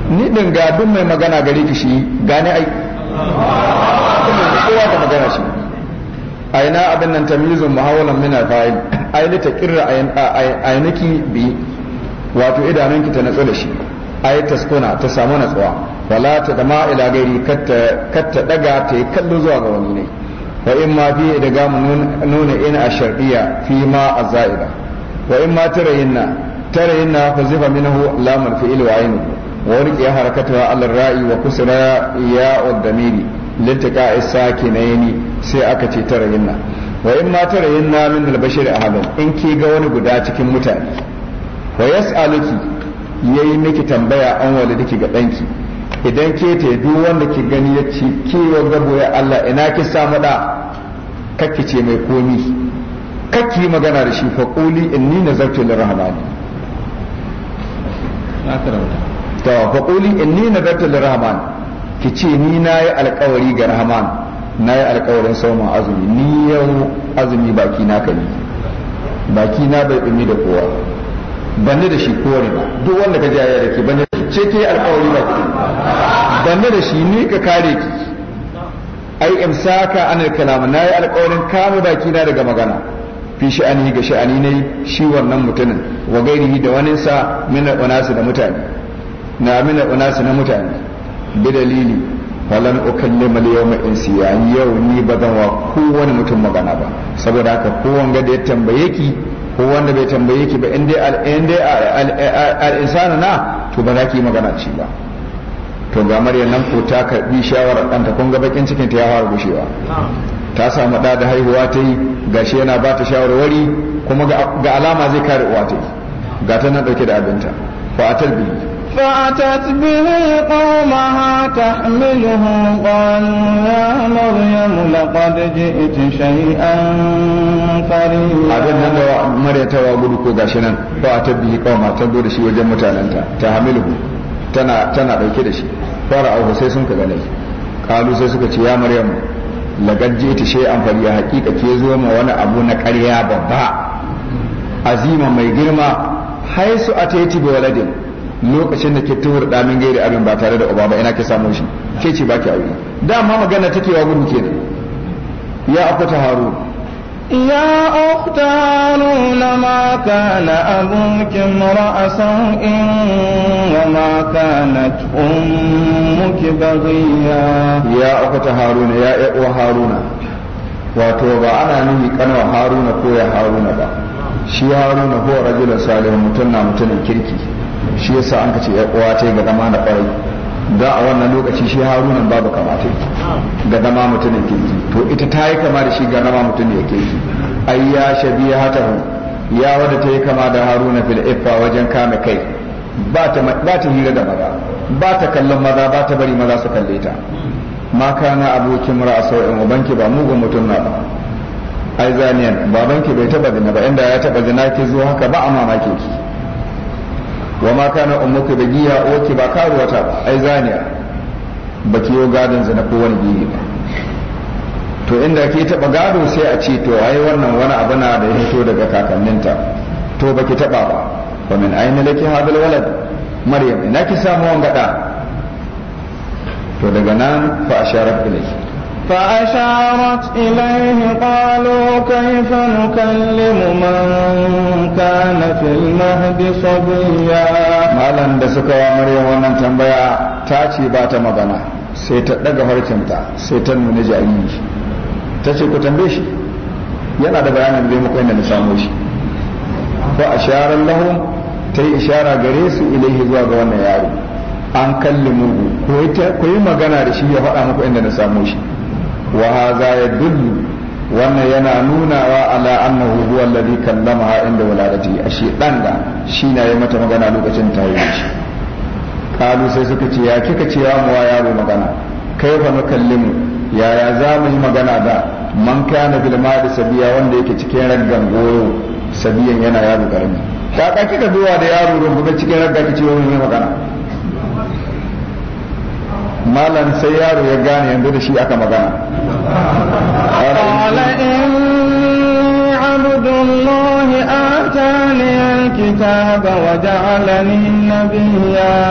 ni din ga duk mai magana gare ki shi gane ai magana shi aina abin nan tamyizun muhawalan min al-fa'il taqirra aynaki bi wato idanunki ta natsu da shi ai taskuna ta samu natsuwa wala ta dama ila gairi katta daga ta yi kallo zuwa ga wani ne wa in ma fi da gamu nuna in a shar'iyya fi ma a za'ida wa in ma tarayinna tarayinna fa zifa minhu lamul fi'il wa ainu wa riqiya harakatuha al ra'i wa kusra ya ad-damiri lintaqa'i sakinaini sai aka ce tara yinna wa in ma tara yinna min albashir ahadan in ke ga wani guda cikin mutane wa yas'aluki yayi miki tambaya an walidiki ga danki idan ke ta duk wanda ki gani ya ce kewa gabo ya Allah ina ki samu da kakki ce mai komi kakki magana da shi fa quli inni nazartu lirrahmani to fa quli inni nazartu lirrahman ki ce ni nayi alƙawari ga rahman na yi alkawarin sauman azumi ni yau azumi baki na kani baki na bai dumi da kowa banne da shi kowane ba duk wanda ka jaya da ke banne da shi ce ke alkawari ba banne da shi ni ka kare ki ai imsaka ana kalama na yi alkawarin kame baki na daga magana fi sha'ani ga sha'ani ne shi wannan mutumin wa gairihi da wani sa mina unasu da mutane na mina unasu na mutane bi dalili falan ukallima al in siya yau ni ba zan wa kowane mutum magana ba saboda haka kowan ga ya tambaye ki ko wanda bai tambaye ki ba in dai in dai na to ba za ki magana ci ba to ga nan ko ta karbi shawarar ɗanta kun ga bakin cikin ta ya fara gushewa ta samu ɗa da haihuwa ta yi gashi yana ba ta shawarwari kuma ga alama zai kare uwa ta yi ga ta nan ɗauke da abinta fa a فأتت به قومها تحمله قالوا يا مريم لقد جئت شيئا فريا أبن هذا مريم توا قلوكو غاشنا فأتت به قومها تدور شي وجه متعلنتا تحمله تنا تنا دوكي دشي فرعوه sai sun kaga lai kalu sai suka ce ya maryamu laqad ji'ti shay'an fariya haqiqa ke zo ma wani abu na karya babba azima mai girma haisu atati bi waladin lokacin da ke tuwar ɗanin gairi abin ba tare da uba ba ina ke samu shi ke ce baki aure dama magana take wa gudu kenan ya akwata haru يا أخت هارون ما كان أبوك امرأ سوء وما كانت أمك بغيا haru na ya يا haru na wato ba ana nuhi kanwa haruna ko ya haruna ba shi haruna ko ajiyar salihu mutum na mutumin kirki shi yasa an ka ce ya uwa ce ga zama na kwarai da a wannan lokaci shi harunan babu kamata ga zama mutumin kirki to ita ta yi kama da shi ga zama mutum ya kirki ai ya hata hu ya wadda ta yi kama da haruna fil iffa wajen kame kai ba ta hira da maza ba ta kallon maza ba ta bari maza su kalle ta ma kana abokin mura a sau'in ubanki ba mugun mutum na ba ai zaniyan babanki bai taba zina ba inda ya taba zina ke zo haka ba a mamakin ki wa ma kana ummuka bagiya wace ba karuwata ba ai zaniya ba ki yo gadon zina ko wani gini ba to inda ke taba gado sai a ce to ai wannan wani abu na da ya fito daga kakanninta to baki taba ba wa min aina laki hadal walad maryam ina ki samu wanga da to daga nan fa asharat ilayhi فأشارت إليه قالوا كيف نكلم من كان في المهد صبيا malam da suka wa maryam wannan tambaya ta ce ba ta sai ta daga harkinta sai ta nuna jariri ta ce ku tambaye shi yana da bayanin zai muku na ishara gare su zuwa ga wannan yaro an kalli mugu ko yi magana da shi ya faɗa muku inda na samo shi wa hadha yadullu wannan yana nunawa ala annahu huwa alladhi kallamaha inda wuladati ashe dan da shi na yi mata magana lokacin ta shi kalu sai suka ce ya kika ce ya muwa yaro magana kai fa nukallimu yaya za mu yi magana da man kana bil ma'ad sabiya wanda yake cikin raggan goyo sabiyan yana yaro karami ta ka kika zuwa da yaro rumbuga cikin ragga kici yi magana malam sai yaro ya gane yanzu da shi aka magana qala inni abdullahi atani alkitaba wa ja'alani nabiyya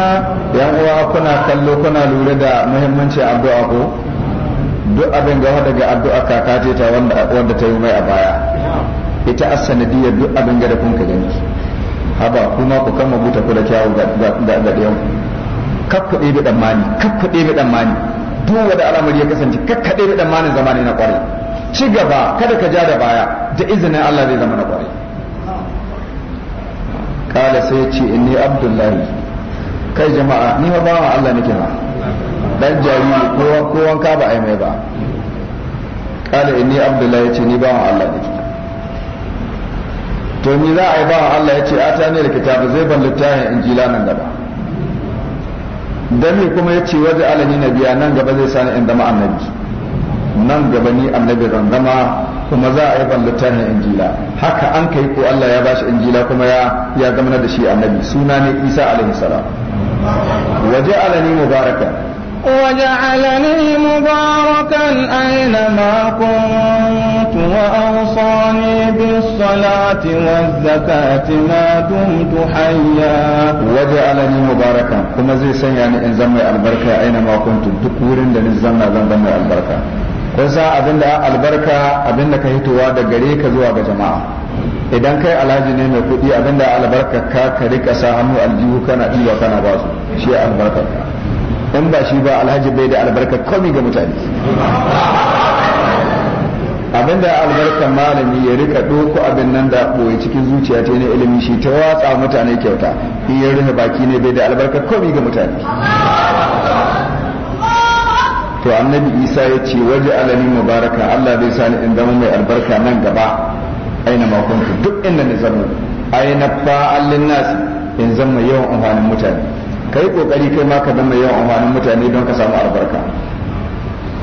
yan uwa kuna kallo kuna lura da muhimmancin addu'a ko duk abin gaba daga addu'a kaka ce ta wanda wanda ta yi mai a baya ita as-sanadiyyar duk abin gada kun ka gani haba kuma ku kan mabuta ku da kyawu ga kakkuɗe bi tsammani kakkuɗe bi tsammani duk wanda al'amari ya kasance kakkaɗe bi tsammanin zamani na kwarai ci gaba kada ka ja da baya da izinin Allah zai zama na kwarai kala sai ce inni abdullahi kai jama'a ni ba bawa Allah nake ba dan jariri ko kowan ka ba ai mai ba kala inni abdullahi yace ni bawa Allah nake to ni za a yi bawa Allah yace a ta ne da kitabu zai ban littafin injila nan gaba dan ne kuma ce waje alani nabiya nan gaba zai sani in zama annabi nan gaba ni annabi zan kuma za a yi ban littafin injila haka an kai ko Allah ya bashi injila kuma ya ya zama da shi annabi suna ne Isa alaihi salam waje alani mubaraka mubarakan aina ma كنت وأوصاني بالصلاة والزكاة ما دمت حيا وجعلني مباركا كما زي سيعني إن زمي البركة أينما كنت دكور لن زمي زمي البركة kusa أبن albarka البركة أبن لك da gare ka zuwa ga idan kai alhaji ne mai kuɗi abinda albarka ka ka rika sa hannu aljihu kana ɗiba kana ba su shi albarkar ka in ba shi ba alhaji bai da albarka komi ga mutane Abin da albarkar malami ya rika doku abin nan da boye cikin zuciya ta ne ilimi shi ta watsa mutane kyauta in ya rufe baki ne bai da albarkar komai ga mutane to annabi isa ya ce waje alali mubaraka allah bai sani in zama mai albarka nan gaba aina makonku duk inda na zama aina fa'allin nasi in zama yawan amfanin mutane ka yi kokari kai ma ka zama yawan amfanin mutane don ka samu albarka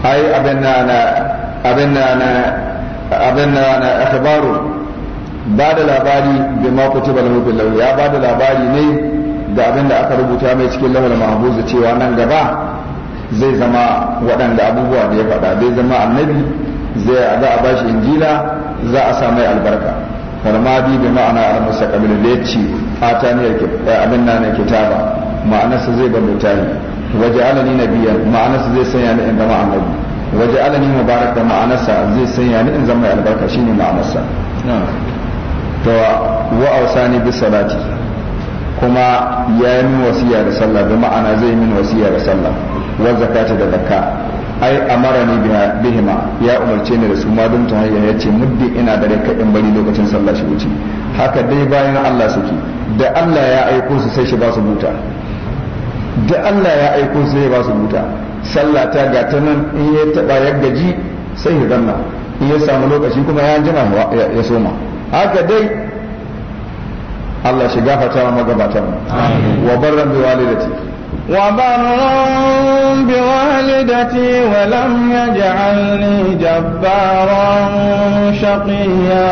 ai abin na abin na abin na akhbaru ba da labari da ma ba lahu ya ba da labari ne da abin da aka rubuta mai cikin lahul mahfuz cewa nan gaba zai zama waɗanda abubuwa da ya faɗa zai zama annabi zai za a bashi injila za a sa mai albarka farmadi bi ma'ana al-mustaqbil da ya ce atani eh, abin na kitaba ma'anarsa zai bar mutane waje alani nabiya ma'anarsa zai sanya ni in zama annabi waje alani mubarak da ma'anarsa zai sanya ni in zama albarka shine ma'anarsa to wa ausani bi salati kuma ya yi min wasiya da sallah da ma'ana zai min wasiya da sallah wa zakata da zakka ai amarani biha bihima ya umarce ni da su ma don ta hanya yace muddi ina da rai bari lokacin sallah shi wuce haka dai bayan Allah suke da Allah ya aiko su sai shi ba su buta da Allah ya aiko su sai ba su buta sallata ga ta nan in ya taba ya gaji sai ya zanna in ya samu lokaci kuma ya jima ya soma haka dai Allah shi gafata wa magabatan wa barran bi walidati wa barran bi walidati wa lam yaj'alni jabbaran shaqiya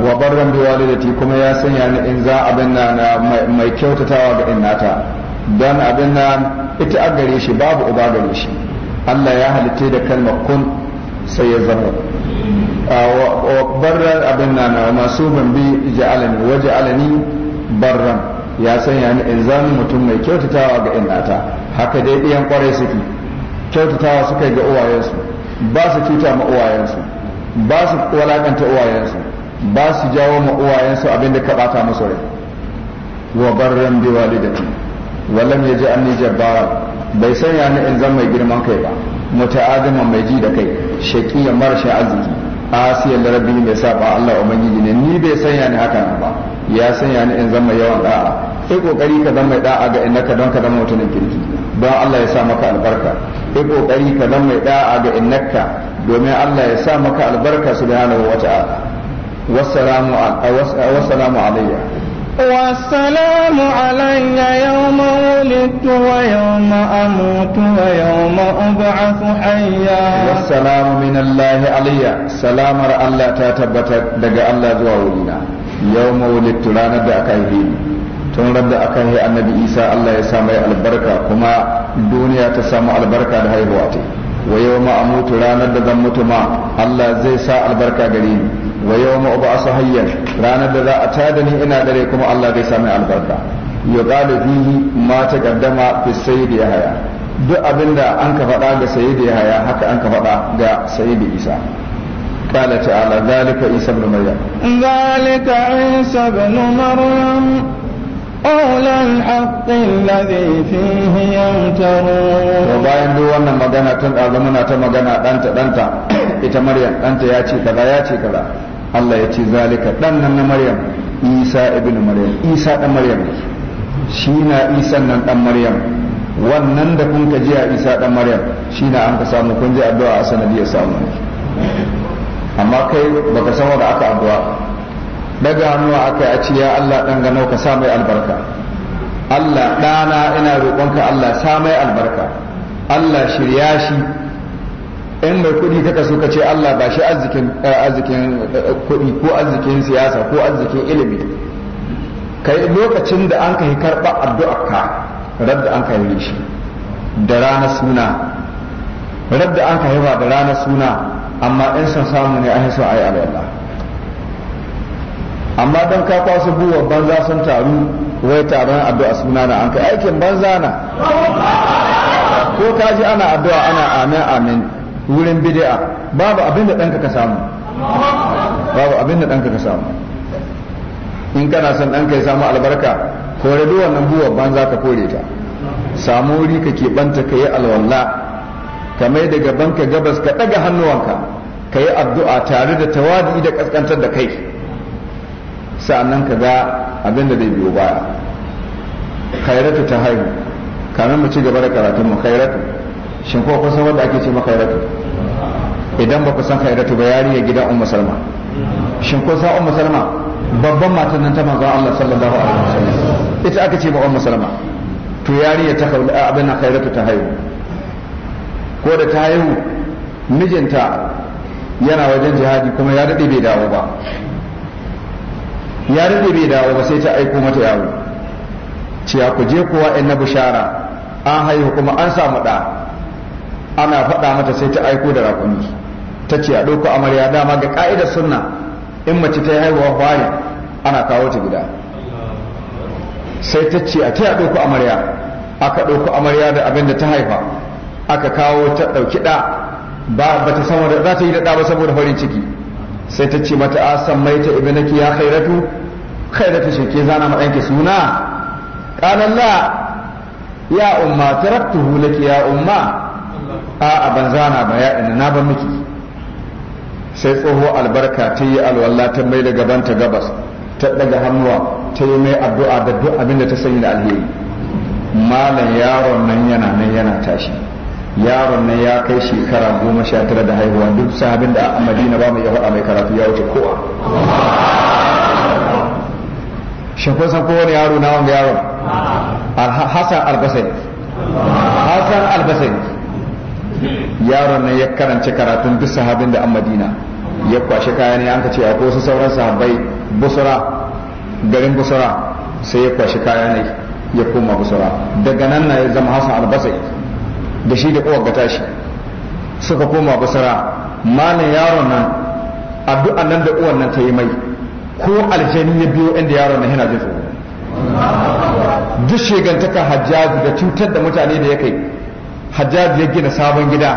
wa barran bi walidati kuma ya sanya ni in za abin na mai kyautatawa ga innata don abin nan ita a gare shi babu uba gare shi Allah ya halitta da kalmar kun sai ya zama barran abin nan masu bambi bi ja'alani wa ja'alani barran ya sanya ni in mutum mai kyautatawa ga innata haka dai iyan kwarai suke kyautatawa suka ga uwayensu ba su cuta ma uwayensu ba su walakanta uwayensu ba su jawo ma uwayensu abin da ka bata musu rai wa barran bi wallam ya ji anni jabbara bai sanya ni in zan mai girman kai ba muta'adiman mai ji da kai shaqiyan marashin arziki da rabbi mai saba Allah ubangiji ne ni bai sanya ni haka ba ya sanya ni in zan mai yawan da'a kai kokari ka zan mai da'a ga innaka don ka zama mutumin kirki don Allah ya sa maka albarka kai kokari ka zan mai da'a ga innaka domin Allah ya sa maka albarka subhanahu wata'ala wassalamu alayya والسلام علي يوم ولدت ويوم أموت ويوم أبعث حيا والسلام من الله علي سلام الله تتبت دقى الله زوالنا يوم ولدت لا نبدأ كيهين tun da aka yi annabi isa allah ya samu albarka kuma duniya ta samu albarka da haihuwa ta wa yau ma mutu ranar da zan mutu ma allah zai sa albarka gare ni wa yawma ub'asu hayyan ranar da za a tada ni ina dare kuma Allah zai sami albarka ya yuqalu fihi ma taqaddama fi sayyidi haya duk abinda an ka faɗa ga sayyidi haya haka an ka faɗa ga sayyidi isa قال تعالى ذلك عيسى بن مريم ذلك عيسى بن مريم قول الحق الذي فيه يمترون وباين دو wannan magana tun da muna ta magana danta danta ita Maryam danta ya ce kaza ya ce kaza Allah ya ce zalika dan nan na Maryam Isa ibn Maryam Isa dan Maryam shi na Isa nan dan Maryam wannan da kun ji a Isa dan Maryam shi na an ka samu kun ji addu'a a sanadiyar samu amma kai baka san wanda aka addu'a daga hannuwa aka a ce ya Allah dan ganau ka sa mai albarka Allah ɗana ina roƙonka Allah sa mai albarka Allah shirya shi in mai kuɗi kaka so ka ce Allah ba shi arzikin eh, arzikin eh, kuɗi ko arzikin siyasa ko arzikin ilimi kai lokacin da an kai karɓa addu'arka radda an kai shi da rana suna radda an kai ba da rana suna amma in san samu ne an so ayi Allah amma don ka kwasu buwa banza sun taru wai taron addu'a suna na an kai aikin banza na ko ka ji ana addu'a ana amin amin wurin bid'a babu abin da ɗanka ka samu babu abin da ɗanka ka samu in kana son ɗanka ya samu albarka kore duk wannan buwar banza ka kore ta samu wuri ka keɓanta ka yi alwalla ka mai da gabanka gabas ka ɗaga hannuwanka ka yi addu'a tare da tawadi da ƙasƙantar da kai sa'annan ka ga abin da zai biyo baya khairatu ta haihu kamar mu ci gaba da karatun mu khairatu shin ko kusan wanda ake ce ma khairatu idan ba ku san khairatu ba yariya gidan ummu salma shin ko san ummu salma babban matan nan ta manzo Allah sallallahu alaihi wasallam ita aka ce ba ummu salma to yariya ta taka abin na khairatu ta haihu ko da ta haihu mijinta yana wajen jihadi kuma ya dade bai dawo ba ya dade bai dawo ba sai ta aiko mata yaro ciya ku je kowa in na bushara an haihu kuma an samu da ana faɗa mata sai ta aiko da rakumi ta ce a ɗauko amarya dama ga ka'idar sunna in mace ta yi haihuwa fari ana kawo ta gida sai ta ce a ta ɗauko amarya aka ɗauko amarya da abin da ta haifa aka kawo ta ɗauki ɗa ba ta samu za ta yi da ɗa ba saboda farin ciki sai ta ce mata a san mai ta ibnaki ya khairatu khairatu shi ke zana ma ɗanki suna ƙalalla ya umma taraktuhu laki ya umma a ban zana ba ya ina na ban miki sai tsoho albarka ta yi alwala ta mai da gaban ta gabas ta daga hannuwa ta yi mai addu'a da duk abin da ta sanya da alheri malam yaron nan yana nan yana tashi yaron nan ya kai shekara goma sha tara da haihuwa duk sahabin da a madina ba mai yawa mai karatu ya wuce kowa shakon san kowane yaro na wanga yaron hasan albasai. hasan albasai. yaron nan ya karanci karatun duk sahabin da an madina ya kwashe kaya ne an ka ce akwai wasu sauran sahabbai busura garin busura sai ya kwashe kaya ne ya koma busura daga nan na ya zama hasan albasai da shi da kowar gata shi suka koma busura malin yaron nan addu'an nan da uwan nan ta yi mai ko aljani ya biyo inda yaron nan yana jin duk shegantaka hajjaji da cutar da mutane da ya kai hajjaj ya gina sabon gida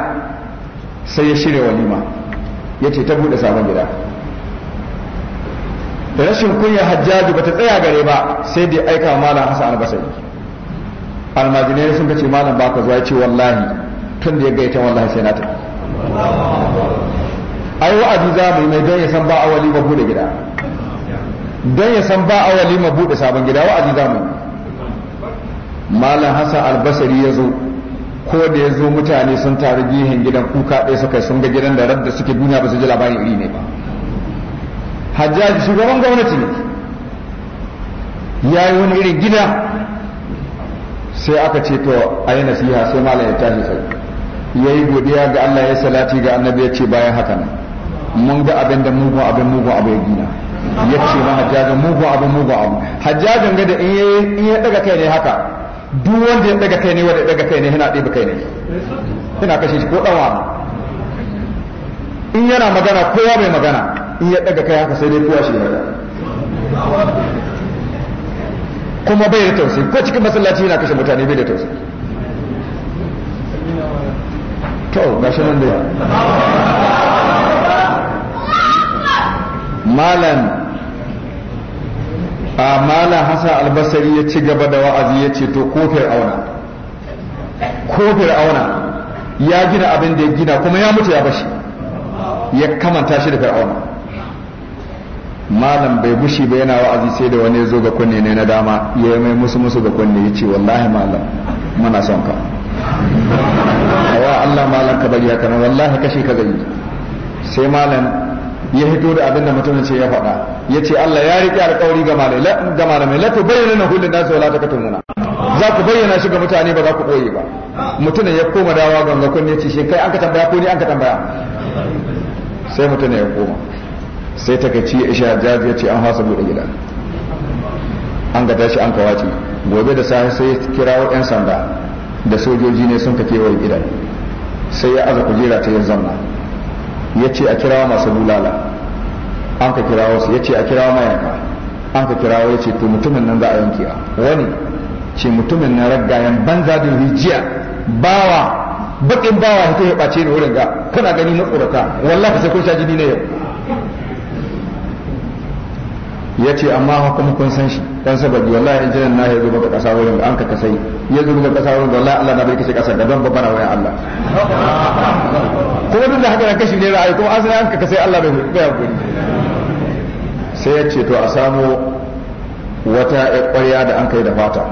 sai ya shirya walima ya ce ta bude sabon gida da rashin kunya hajjaji bata tsaya gare ba sai da aika malam hasan albasari almajinai sun ce malam baka zuwa ce wallahi tun da ya gaita wallahi sai na ta. ai wa'azi za mu yi mai don ya san ba a walima bude gida don ya san ba a walima bude sabon gida wa'azi za mu yi malam hasan albasari ya zo ko da ya zo mutane sun taru gihin gidan kuka ɗaya suka sun ga gidan da radda suke duniya ba su ji labarin iri ne ba hajjaji shugaban gwamnati ne ya yi wani irin gida sai aka ce to a yi nasiha sai malam ya tashi tsaye ya yi godiya ga Allah ya salati ga annabi ya ce bayan haka mun ga abin da mugu abin mugu abu ya gina ya ce ma hajjajin mugu abin mugu abu hajjajin ga da in ya daga kai ne haka duk wanda ya daga kai ne wanda ya daga kai ne yana ɗebe kai ne yana kashe shi ko ɗanwa in yana magana kowa mai magana in ya daga kai haka sai dai kowa shi magana kuma bai da tausayi ko cikin masallaci yana kashe mutane bai da tausayi to shi nan dai malam amma na hasa albasari ya ci gaba da wa'azi ya ce to ko auna ko auna ya gina abin da ya gina kuma ya mutu ya bashi ya kamanta shi da fir'auna malam bai bushi ba yana wa'azi sai da wani ya zo ga kunne ne na dama ya yi mai musu musu ga kunne ya ce wallahi malam muna son ka wa Allah malam ka bari haka wallahi kashe ka zai sai malam ya hito da abin da mutumin ce ya faɗa ya ce Allah ya riƙe alƙawari ga malamai la bayyana na hulun nasu wala muna za ku bayyana shi ga mutane ba za ku ɓoye ba mutumin ya koma dawa ganga kun ya ce shi kai an ka tambaya ko ni an ka tambaya sai mutumin ya koma sai ta gaci ya isha jaji ya ce an hasa buɗe gida an ga tashi an kawaci gobe da safe sai ya wa 'yan sanda da sojoji ne sun ka kewaye gidan sai ya aza kujera ta yin zamna ya ce a kirawa masu bulala an ka kirawo su ya ce a kirawa mayanka an ka kirawa ya ce to mutumin nan za a yanke a wani ce mutumin na raggayen banza da rijiya bawa bakin bawa ta ya ɓace ni wurin ga kuna gani matsorata wallahi sai kun sha jini ne yau ya ce amma kuma kun san shi dan saboda wallahi injinan na ya zo ga kasa wurin an ka kasai ya zo ga kasa wurin wallahi Allah na bai kashe kasa gaban babbar wayan Allah kuma duk da haka kashi ne ra'ayi kuma asali an ka kasai Allah bai bai hakuri sai ya ce to a samu wata ƙwarya da an kai da fata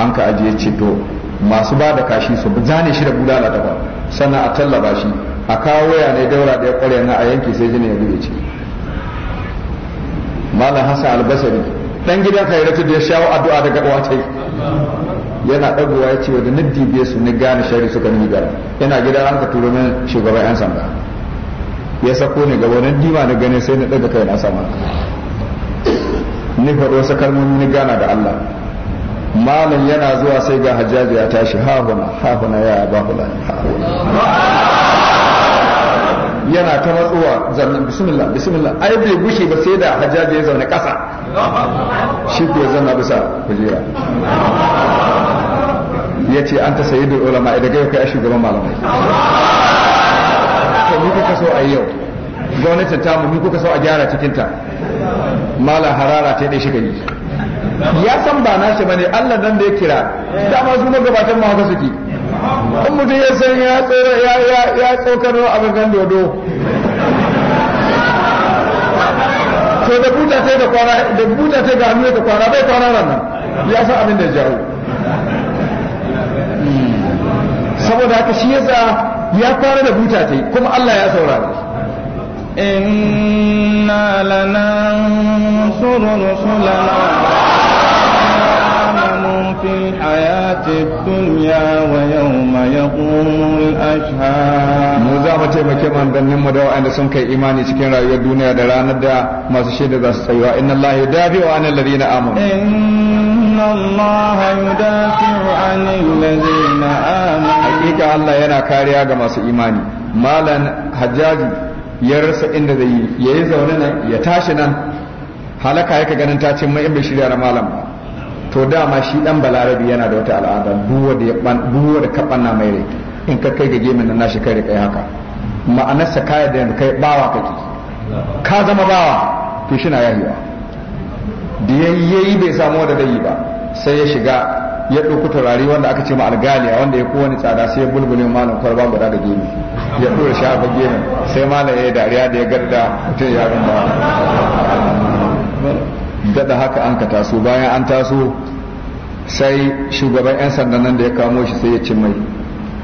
an ka ajiye ce to masu ba da kashi su zane shi da bulala daban sannan a tallaba shi a kawo waya ne daura da ya ƙwarya na a yanke sai jini ya buge malam Hassan albasari dan gidan khairatu da ya shawo addu'a daga uwatai yana dagowa ya ce wa da niddi biye su ni gane shari suka ni gara yana gida an ka turo min shugaban yan sanda ya sako ni ga wannan dima na gane sai na daga kai na sama ni faɗo wasu kalmomi ni gana da Allah malam yana zuwa sai ga hajjaji ya tashi hahuna hahuna ya ba hula hahuna yana ta matsuwa zannan bismillah bismillah ai bai gushe ba sai da hajjaji ya zaune kasa shi ko zanna bisa kujera ya ce an ta sayi da ulama daga yau kai a shugaban malamai to ni kuka so a yau gwamnatin ta mu ni kuka so a gyara cikinta malam harara ta dai shiga ni ya san ba na shi bane Allah nan da ya kira dama su magabatan mu haka suke in mutum ya san ya tsoro ya ya ya tsokano a gangan dodo to da buta ta da kwana da buta ta ga hannu da kwana bai kwana nan ya san abin da jawo hmm. saboda haka shi yasa ya kwana da buta ta kuma Allah ya saurara inna lanansu rusulana mu za mu taimake manzannin mu da wa'anda sun kai imani cikin rayuwar duniya da ranar da masu shaida za su tsayuwa inna Allah ya dafi wa anil ladina amanu inna Allah ya dafi wa na amanu hakika Allah yana kariya ga masu imani malan hajjaji ya rasa inda zai yi zaune nan ya tashi nan halaka yake ganin ta cin mai shirya na malam ba to dama shi dan balarabi yana da wata al'ada duwa da duwa da kabanna mai rai in ka kai ga gemin nan nashi kai da kai haka sa kai da kai bawa kake ka zama bawa to shi na yahiwa da yayi bai samu wanda dai ba sai ya shiga ya ɗauki turare wanda aka ce ma algaliya wanda ya kowane tsada sai ya bulbule malam kwarba guda da gemi ya ɗora shi a gemin sai malam ya yi dariya da ya gadda mutum ya rumba daɗa haka an ka taso bayan an taso sai shugaban 'yan sanda nan da ya kamo shi sai ya ci mai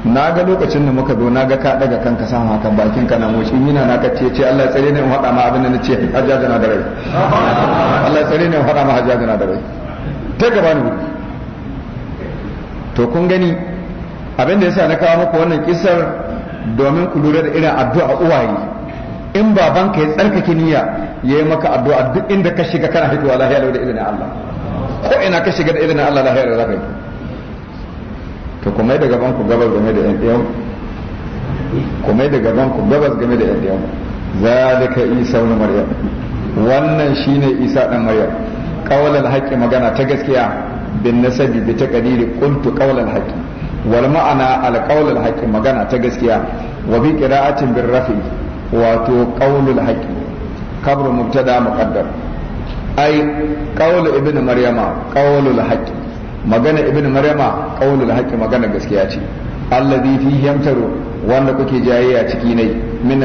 na ga lokacin da muka zo na ga ka daga kanka san haka bakin ka na moci mina na ka ce Allah ya tsare ni in haɗa ma abin da na ce hajjaja na da rai Allah ya tsare ni in haɗa ma hajjaja na da rai ta gaba ni to kun gani abin da yasa na kawo muku wannan kisar domin ku lura da irin addu'a uwaye in babanka ya tsarkake niyya yi maka addu'a duk inda ka shiga kana fitowa ala lau da izinin Allah ko ina ka shiga da izinin Allah lahiya da zafi yi to kuma da gaban ku gabas game da yan kuma da gaban ku gabas game da yan diyan zalika isa ibn maryam wannan shine isa dan maryam qawlan haƙƙi magana ta gaskiya bin nasabi bi taqdiri kuntu qawlan haƙƙi wal ma'ana al qawlan magana ta gaskiya wa bi qira'atin bir rafi wato qawlul haƙƙi. kabru mubtada muqaddar ai qawlu ibn maryama qawlul haqq magana ibn maryama qawlul haqq magana gaskiya ce allazi fihi yamtaru wanda kuke jayayya ciki ne min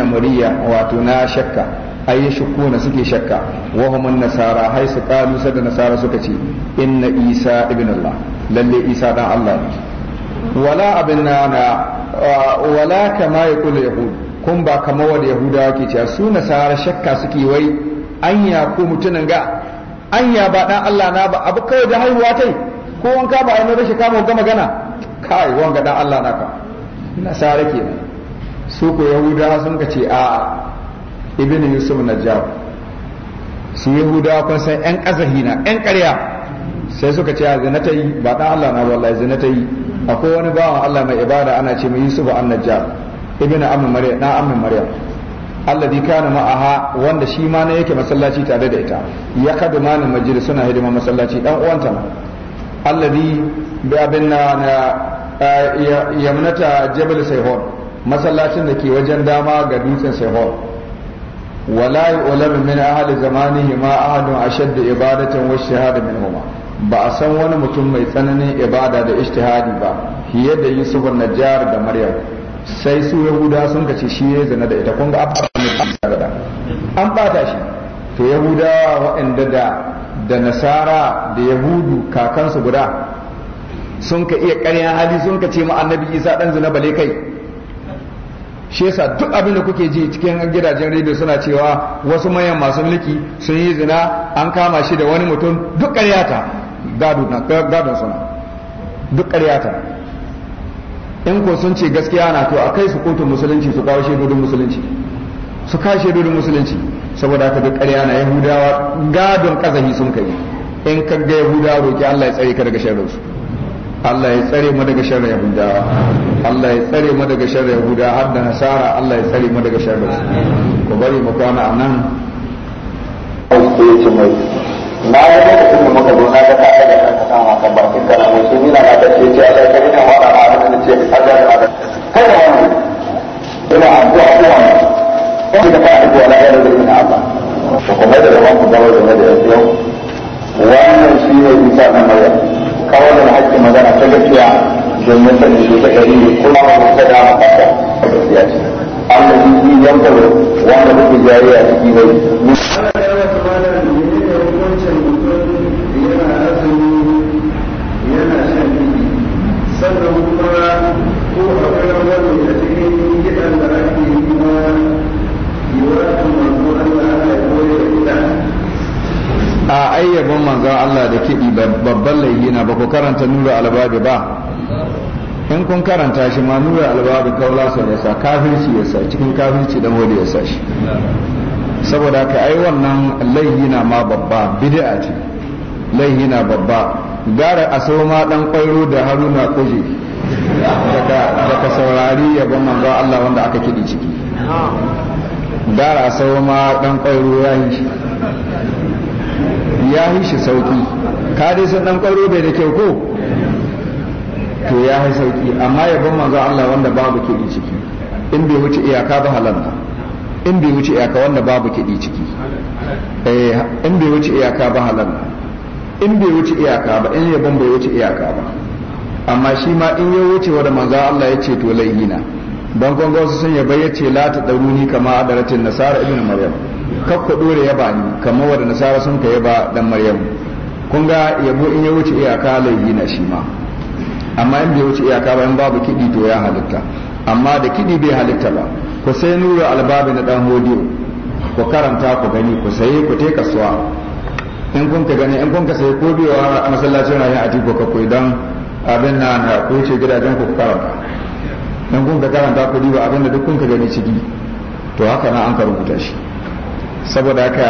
wato na shakka ai shukuna suke shakka wa nasara hay su sada nasara suka ce inna isa ibn allah lalle isa dan allah ne wala abinna wala kama yaqulu yahud kun ba kamar wanda yahudawa ke cewa su nasara shakka suke wai anya ko mutunan ga anya ba dan Allah na ba abu kawai da haihuwa tai ko ka ba ai rashin kama gama magana kai wanga dan Allah na ka nasara ke su ko yahudawa sun ka ce a ibnu yusuf najjar su yahudawa kun san yan kazahi na yan ƙarya sai suka ce zina ta yi ba dan Allah na ba wallahi zina ta yi akwai wani bawan Allah mai ibada ana ce mai yusuf an najjar ibn amr maryam na amr maryam alladhi kana ma'aha wanda shi ma ne yake masallaci tare da ita ya kadu ma na majlis suna hidima masallaci dan uwanta alladhi bi abin na yamnata jabal sayhor masallacin da ke wajen dama ga dutsen sayhor wala yu'lamu min ahli zamanihi ma ahadu ashadda ibadatan wa shahada minhuma ba a san wani mutum mai tsananin ibada da ijtihadi ba fiye da Yusuf Najjar da Maryam sai su yahuda sun ka ce shi ya zina da ita kun ga an bata shi to yahuda waɗanda da da nasara da yahudu kakansu guda sun ka iya ƙarya hali sun ka ce ma annabi isa ɗan zina bale kai shi yasa duk abin da kuke ji cikin gidajen rediyo suna cewa wasu mayan masu mulki sun yi zina an kama shi da wani mutum duk ta gadon suna duk ta in ko sun ce gaskiya na to a kai su kotun musulunci su kawo shaidodin musulunci su kawo shaidodin musulunci saboda haka duk ƙarya na yahudawa gadon kazahi sun kai in ka ga yahudawa roki Allah ya tsare ka daga su Allah ya tsare mu daga sharrin yahudawa Allah ya tsare mu daga sharrin yahudawa har da nasara Allah ya tsare mu daga su ku bari mu kwana a nan na ga lokacin da muka zo na ga ta da kanka kan wasan kana mai shi na ce ce a kai ne wa da ma da ce a ga da da kai da wani ina addu'a ko wani ko da ka addu'a na ga da kin Allah ko kuma da ran ku dawo da da yau wannan shi ne bisa na maya kawo da hakkin magana ta gaskiya domin sanin shi ta gari ne kuma ba mu kada mu kada gaskiya ce Allah shi yanka wanda muke jariya ciki bai a ayyaban manzon Allah da kiɗi babban laifi na ba ku karanta nura albabi ba in kun karanta shi ma nura albabi kaula sau yasa kafirci yasa cikin kafirci dan wani yasa shi saboda ka ai wannan laifi na ma babba bid'a ce laifi na babba gara a sau ma dan kwairo da haruna kuje daga saurari yabon manzo Allah wanda aka kiɗi ciki gara sau ma ɗan ƙwairo ya yi shi ya yi shi sauƙi ka dai san ɗan ƙwairo bai da kyau ko to ya yi sauƙi amma yabon manzo Allah wanda babu kiɗi ciki in bai wuce iyaka ba halalla in bai wuce iyaka wanda babu kiɗi ciki eh, in bai wuce iyaka ba halalla in bai wuce iyaka ba in yabon bai wuce iyaka ba amma shi ma in ya wuce wa da manzo Allah ya ce to laihina don kun wasu sun yaba ya ce la ta daruni kama adaratin nasara ibn maryam kar ku dore bani ni kamar wadda nasara sun ka yaba dan maryam kun ga yabo in ya wuce iyaka laihina shi ma amma in bai wuce iyaka ba in babu kidi to ya halitta amma da kidi bai halitta ba ku sai nuru albabi na dan hodiyo ku karanta ku gani ku saye ku te kasuwa in kun ka gani in kun ka sai ko biyo masallacin rayu a tiko ka koyi dan abin na na ku ce gidajen ku karanta dan kun ka karanta ku diba abin da duk kun ka gani ciki to haka na an ka rubuta shi saboda haka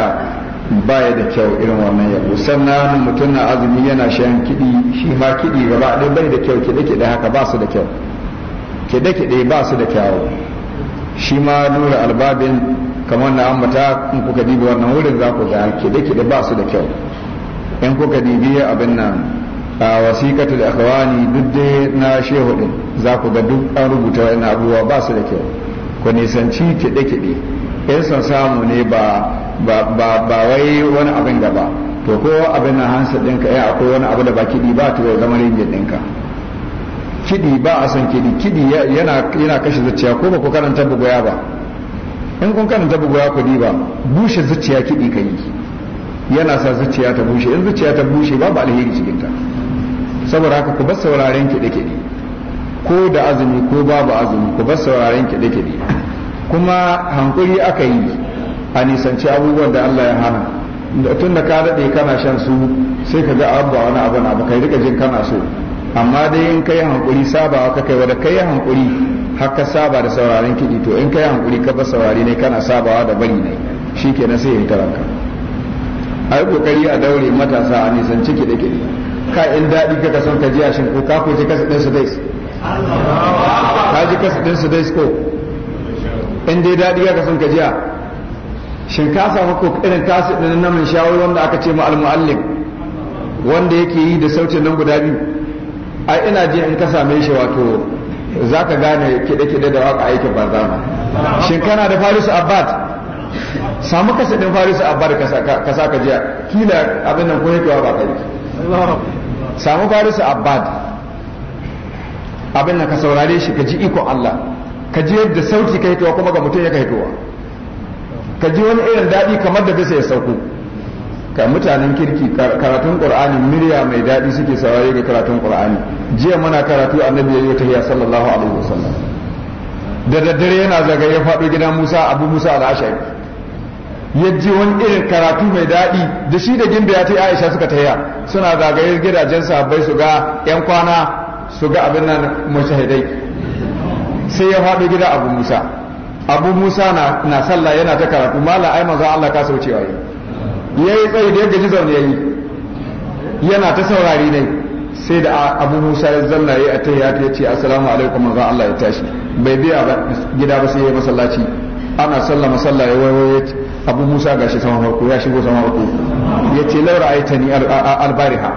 baya da kyau irin wannan yabo sannan mutum na azumi yana shan kidi shi ma ba gaba dai bai da kyau kide kiɗe haka ba su da kyau kiɗe-kiɗe ba su da kyau shi ma dole albabin kamar na ambata in kuka dibi wannan wurin za ku ga kiɗe-kiɗe ba su da kyau in kuka dibi abin nan a wasiƙatul akhawani duk dai na shehu din za ku ga duk an rubuta ina abubuwa ba su da kyau ku nisanci kiɗe-kiɗe in san samu ne ba wai wani abin da ba to ko abin na hansa ɗinka ya eh, akwai wani abu da ba kiɗi ba to zai zama rinjin ɗinka kiɗi ba a san kiɗi kiɗi yana kashe zuciya ko ba ku karanta bugoya ba in kun karanta bugoya ku ba bushe zuciya kiɗi ka yi yana sa zuciya ta bushe in zuciya ta bushe babu alheri cikinta saboda haka ku bar sauraren kiɗe-kiɗe ko da azumi ko babu azumi ku bar sauraren kiɗe-kiɗe kuma hankuri aka yi a nisanci abubuwan da Allah ya hana tun da ka daɗe kana shan su sai ka ga abu wani abu na kai rika jin kana so amma dai in kai hankuri sabawa ka kai da kai hankuri haka saba da sauraren kiɗi to in kai hankuri ka bar saurare ne kana sabawa da bari ne shikenan sai ya yi taranka a yi kokari a daure matasa a nisanci kiɗe-kiɗe ka in daɗi ka kasan ka jiya shin ko ka ko ji kasa su dai ka ji kasa su dai ko in dai daɗi ka kasan ka jiya shin ka samu ko irin kasa na min shawar wanda aka ce ma almu'allim wanda yake yi da sautin nan guda biyu ai ina ji in ka same shi wato za ka gane kiɗe-kiɗe da waka aikin banza shin kana da farisu abbad samu kasa farisu abbad ka sa ka jiya kila abin nan ko yake wa ba kai samu farisu abad abin da ka saurare shi ka ji ikon Allah ka ji yadda sauti ka hitowa kuma ga mutum ya ka hitowa ka ji wani irin daɗi kamar da bisa ya sauko ka mutanen kirki karatun qur'ani murya mai daɗi suke saurare ga karatun qur'ani jiya muna karatu annabi ya yi sallallahu alaihi wasallam da daddare yana zagaye ya faɗo gidan Musa Abu Musa al-Ash'ari ya ji wani irin karatu mai daɗi da shi da gimbiya ta aisha suka taya suna zagaye gidajen sahabbai su ga yan kwana su ga abin nan mashahidai sai ya faɗi gida abu musa abu musa na, na sallah yana ta karatu mala ai manzon allah ka saucewa yi ya yi tsaye da yadda gaji zaune ya yi yana ta saurari ne sai da abu musa ya zanna ya a tahiya ya ce assalamu alaikum manzon allah ya tashi bai biya gida ba sai ya yi masallaci ana sallama sallah ya wayo abu musa gashi sama farko ya shigo sama farko ya ce laura aitani albariha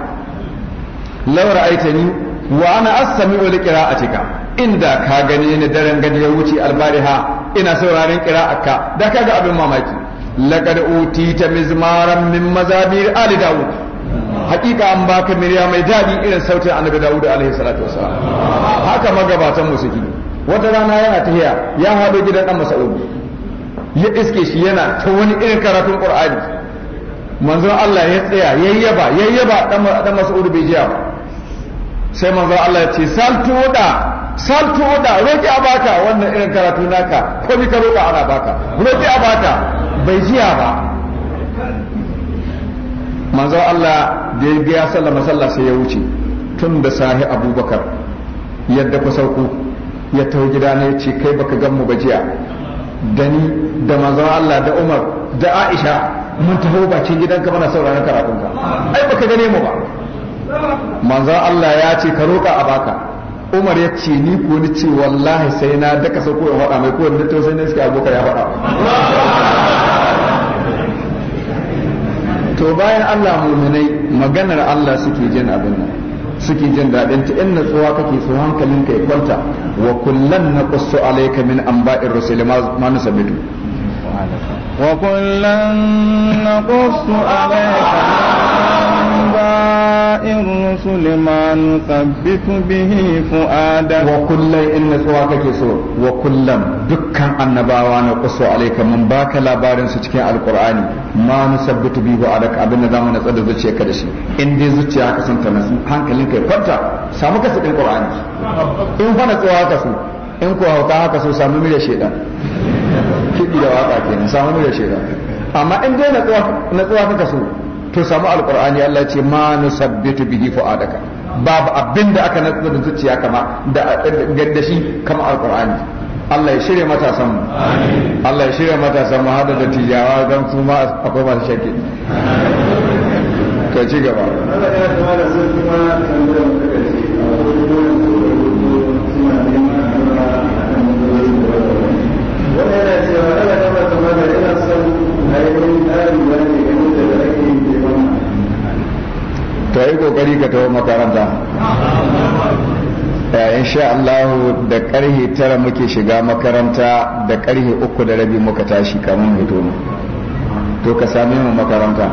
laura aitani wa ana kira a cika. inda ka gani ni daren gani ya wuce albariha ina a ka da ga abin mamaki uti ta mizmaran min mazabir ali daud hakika an baka murya mai daɗi irin sautin annabi dawud alaihi salatu wasalam haka magabatan mu wata rana yana tahiya ya haɗo gidan dan masa'udi ya iske shi yana ta wani irin karatun qur'ani manzon Allah ya tsaya yayyaba yayyaba dan dan Mas'ud bai jiya ba sai manzon Allah ya ce saltu da saltu da roki a wannan irin karatu naka ko bi ka roka ana baka roki a bai jiya ba manzon Allah da ya biya sallama sallah sai ya wuce tun da sahi Abubakar yadda ku sauko ya tawo gida ne ce kai baka gan mu ba jiya da ni da manzon Allah da Umar da Aisha mun taho bakin ka mana sauraron karatunka ai baka gane mu ba manzon Allah ya ce ka roƙa a baka Umar ya ce ni ko ni ce wallahi sai na daka sauko in faɗa mai ko ni to sai ne suke abokan ya faɗa to bayan Allah muminai maganar Allah suke jin abin nan suke jin daɗin ta in natsuwa kake so hankalin ka ya kwanta wa kullan naqussu alaika min an ba'in rasuli ma nusabbitu wa kullan naqussu alaika. وراء الرسل ما نثبت به فؤادا وكل إن سواك كسو وكل دكا النباوة نقص عليك من باك لا بارن سجكي على القرآن ما نثبت به فؤادك أبن نظام نتعد ذكي كدشي إن دي ذكي عكس انت نسم حانك لنك فتا سامك سجن القرآن إن فانا سواك سو إن كو هوتا هكا سو سامي ميلا شيطان كيف إذا واقع كينا سامي ميلا شيطان amma in dai natsuwa kaka so to samu alkur'ani Allah ce ma nusabbitu bihi fuadaka babu abin da aka natsar da zuciya kama da da shi kama alkur'ani Allah ya shirya matasan mu Allah ya shirya matasan mu hada da tijawa don su ma akwai masu shakki ka ci gaba kokari ka tawo makaranta eh, in sha Allah da karhe tara muke shiga makaranta da karhe uku da rabi muka tashi kamun hito to ka same mu makaranta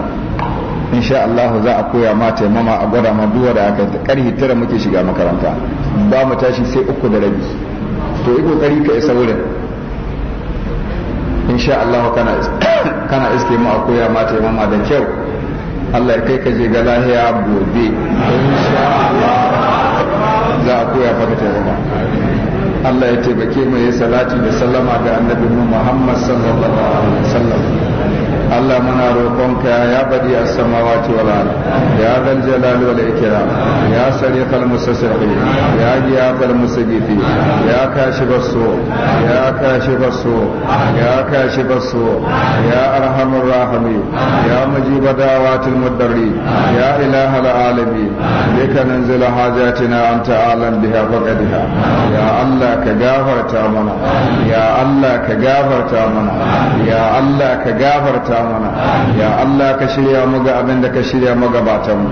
in sha Allah za a koya ma taimama a gwada ma duwa da aka da karhe tara muke shiga makaranta ba mu tashi sai uku da rabi to yi kokari ka isa wurin in sha Allah *coughs* kana iske mu a koya ma taimama da kyau Allah kai ka je ga lahiya gobe za a koya ta zama Allah ya taimake mai ya salati da sallama ga annabi Muhammad sallallahu alaihi wasallam Allah muna roƙonka ya baɗi a samawati wal ard ya dal jalal wal ikram ya sariq al mustasrifi ya giyab al musdifi ya kashi basso ya kashi basso ya kashi basso ya arhamar rahimin ya mujib dawa al mudarri ya ilah al alamin bika nanzil hajatina anta alam biha faqadha ya Allah ka gafarta mana ya Allah ka gafarta mana ya Allah ka gafarta mana ya Allah ka shirya mu abin da ka shirya magabatan mu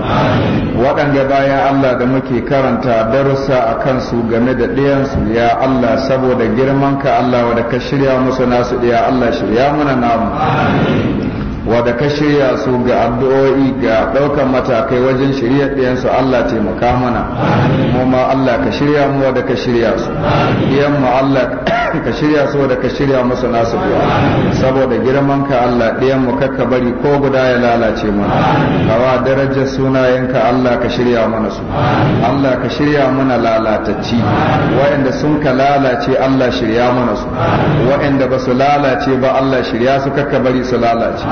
waɗanda bayan Allah da muke karanta darussa a kansu game da ɗiyansu ya Allah saboda girman ka Allah wadda ka shirya musu nasu ɗiya Allah shirya mana namu wadda ka shirya su ga addu'o'i ga ɗaukar matakai wajen shirya ɗiyansu Allah taimaka mana mu ma Allah ka shirya mu wadda ka shirya su ɗiyan mu Allah *coughs* ka shirya su wadda ka shirya musu nasu kuwa saboda girman ka Allah ɗiyan mu kakka bari ko guda ya lalace mana kawa darajar sunayenka Allah ka shirya mana su Allah ka shirya mana lalatacci wa'inda sun ka lalace Allah shirya mana su wa'inda ba su lalace ba Allah shirya su kakka bari su lalace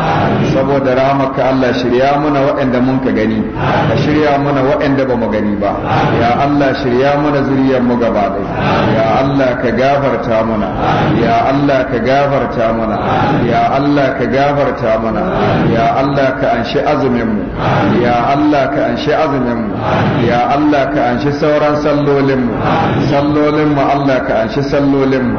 saboda rahamaka Allah shirya muna waɗanda mun ka gani ka shirya muna waɗanda ba mu gani ba ya Allah shirya muna zuriyar mu gaba ya Allah ka gafarta muna ya Allah ka gafarta muna ya Allah ka gafarta muna ya Allah ka anshi azumin mu ya Allah ka anshi azumin mu ya Allah ka anshi sauran sallolin mu sallolin mu Allah ka anshi sallolin mu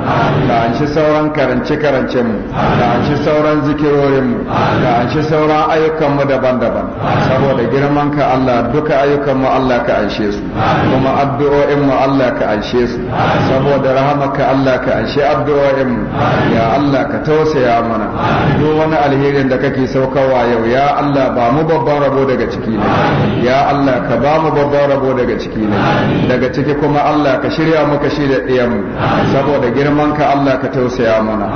ka anshi sauran karance karancen mu ka anshi sauran zikirorin mu ka anshi sauran ayyukanmu daban-daban saboda girman ka Allah duka ayyukanmu Allah ka anshe su kuma addu'o'inmu Allah ka anshe su saboda rahamaka Allah ka anshe addu'o'inmu ya Allah ka tausaya mana duk wani alherin da kake saukarwa yau ya Allah ba mu babban rabo daga ciki ne ya Allah ka ba mu babban rabo daga ciki ne daga ciki kuma Allah ka shirya muka shi da ɗiyanmu saboda girman ka Allah ka tausaya mana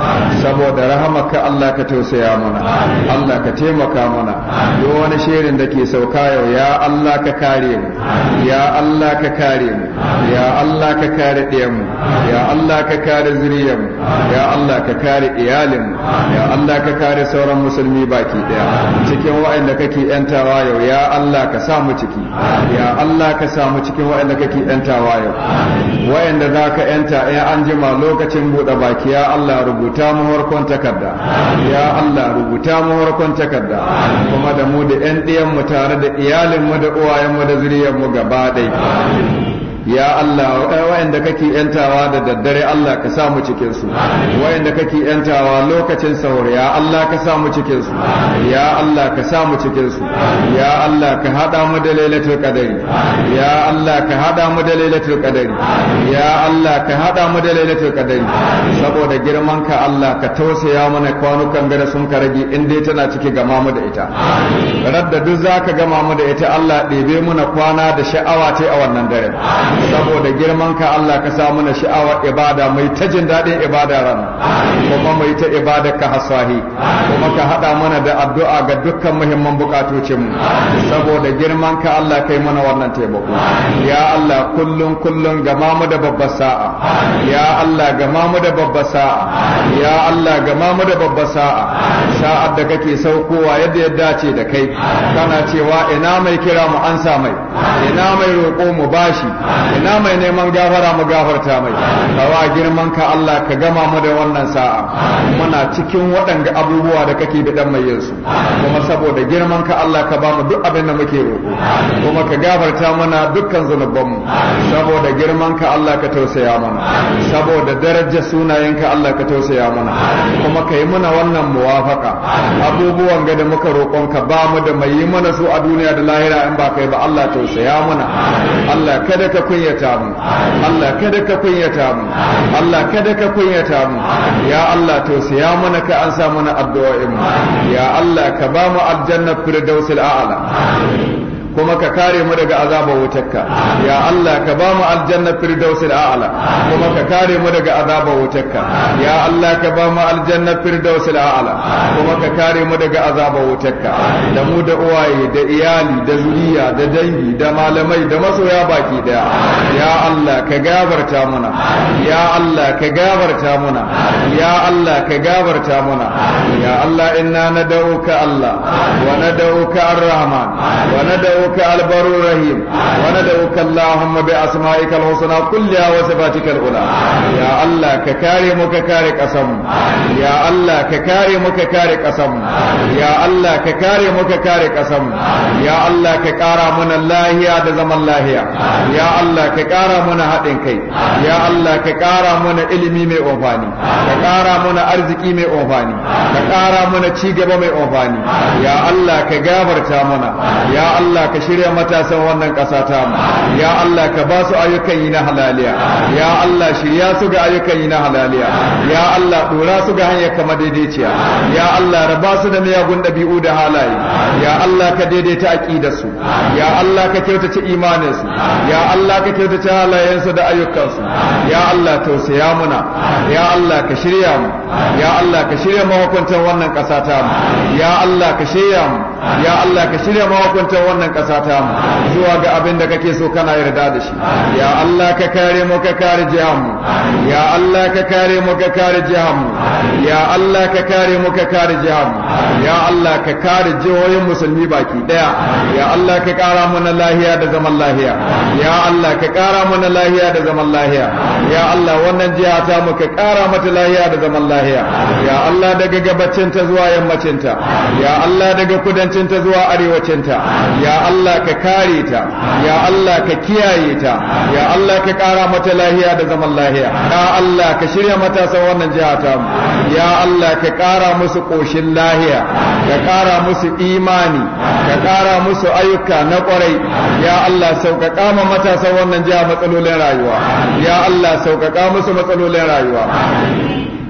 saboda rahamaka Allah ka tausaya mana Allah ka taimaka mana duk wani shirin da ke sauka yau ya Allah ka kare mu ya Allah ka kare mu ya Allah ka kare ɗiyanmu ya Allah ka kare zuriyarmu ya Allah ka kare iyalinmu ya Allah ka kare sauran musulmi baki ɗaya cikin wa'anda kake yantawa yau ya Allah ka sa mu ciki ya Allah ka sa mu cikin wa'anda kake yantawa yau wa'anda za ka yanta ya an jima lokacin buɗe baki ya Allah rubuta mu harkon takarda ya Allah rubuta mu warkon takarda kuma da mu da 'yan mu tare da iyalinmu da uwayenmu da zuriyarmu gaba ɗai ya Allah wa'anda kake yantawa da daddare Allah ka sa mu cikin su wa'anda kake yantawa lokacin sahur ya Allah ka sa mu cikin su ya Allah ka sa mu cikin su ya Allah ka hada mu da lailatul qadari ya Allah ka hada mu da lailatul qadari ya Allah ka hada mu da lailatul qadari saboda girman ka Allah ka tausaya mana kwanukan gare sun ka rage in dai tana ciki gama mu da ita radda duk zaka gama mu da ita Allah ɗebe muna kwana da sha'awa ce a wannan dare. saboda girman ka Allah ka sa mana sha'awar ibada mai ta jin daɗin ibada ran kuma mai ta ibada ka haswahi. kuma ka haɗa mana da addu'a ga dukkan muhimman bukatocin mu saboda girman ka Allah kai mana wannan taimako ya Allah kullun kullun gama mu da babbar sa'a ya Allah gama mu da babbar sa'a ya Allah gama mu da babbar sa'a sa'ar da kake saukowa yadda ya dace da kai kana cewa ina mai kira mu ansa mai ina mai roƙo mu bashi ina mai neman gafara mu gafarta mai kawa girman ka Allah ka gama mu da wannan sa'a muna cikin waɗanga abubuwa da kake da dan mai yinsu kuma saboda girman ka Allah ka ba mu duk abin da muke roƙo kuma ka gafarta mana dukkan zanubanmu saboda girman ka Allah ka tausaya mana saboda darajar sunayen ka Allah ka tausaya mana kuma ka yi mana wannan muwafaka abubuwan ga da muka roƙon ka ba mu da mai yi mana su a duniya da lahira in ba kai ba Allah tausaya mana Allah kada ka kunyata mu Allah kada ka kunyata mu Allah kada ka kunyata mu ya Allah tausaya mana ka an sa mana addu'o'in mu ya Allah ka ba mu aljanna firdausil a'la amin kuma ka kare mu daga azabar wutarka ya Allah ka ba mu aljanna firdausil a'la kuma ka kare mu daga azabar wutarka ya Allah ka ba mu aljanna firdausil a'la kuma ka kare mu daga azabar wutarka da mu da uwaye da iyali da zuriya da dangi da malamai da masoya baki daya ya Allah ka gabarta muna ya Allah ka gabarta muna ya Allah ka gabarta muna ya Allah inna nad'uka Allah wa nad'uka ar-Rahman wa nad'uka عبدك البر الرحيم وندعوك اللهم بأسمائك الحسنى كلها وصفاتك الأولى يا الله ككاري مككاري قسم يا الله ككاري مككاري قسم يا الله ككاري مككاري قسم يا الله ككارا من الله يا دزم الله يا يا الله ككارا من haɗin kai ya Allah ka ƙara mana ilimi mai amfani ka ƙara mana arziki mai amfani ka ƙara mana cigaba mai amfani ya Allah ka gabarta mana ya Allah ka shirya matasan wannan ƙasa ta mu ya Allah ka ba su ayyukan yi na halaliya ya Allah shirya su ga ayyukan yi na halaliya ya Allah dora su ga hanyar kama daidaiciya ya Allah raba su da miyagun ɗabi'u da halaye ya Allah ka daidaita aƙidar su ya Allah ka kyautace imanin su ya Allah ka kyautace halayen su da ayyukan su ya Allah tausaya muna ya Allah ka shirya mu ya Allah ka shirya mahukuntan wannan ƙasa ta mu ya Allah ka shirya mu ya Allah ka shirya mahukuntan wannan ƙasa ta mu zuwa ga abin da kake so kana yarda da shi ya Allah ka kare mu ka kare jihar mu ya Allah ka kare mu ka kare jihar mu ya Allah ka kare mu ka kare jihar ya Allah ka kare jihohin musulmi baki daya ya Allah ka kara mana lahiya da zaman lahiya ya Allah ka kara mana lahiya da zaman lahiya ya Allah wannan jiha ta mu ka kara mata lahiya da zaman lahiya ya Allah daga gabacin ta zuwa yammacin ta ya Allah daga kudancin ta zuwa arewacin ta ya Allah ka kare ta ya Allah ka kiyaye ta ya Allah ka kara mata lahiya da zaman lahiya ya Allah ka shirya matasan wannan jiha ta mu ya Allah ka kara musu koshin lahiya ka kara musu imani ka kara musu ayyuka na kwarai ya Allah sauƙaƙa ma matasan wannan jiha matsalolin rayuwa ya Allah sauƙaƙa musu matsalolin rayuwa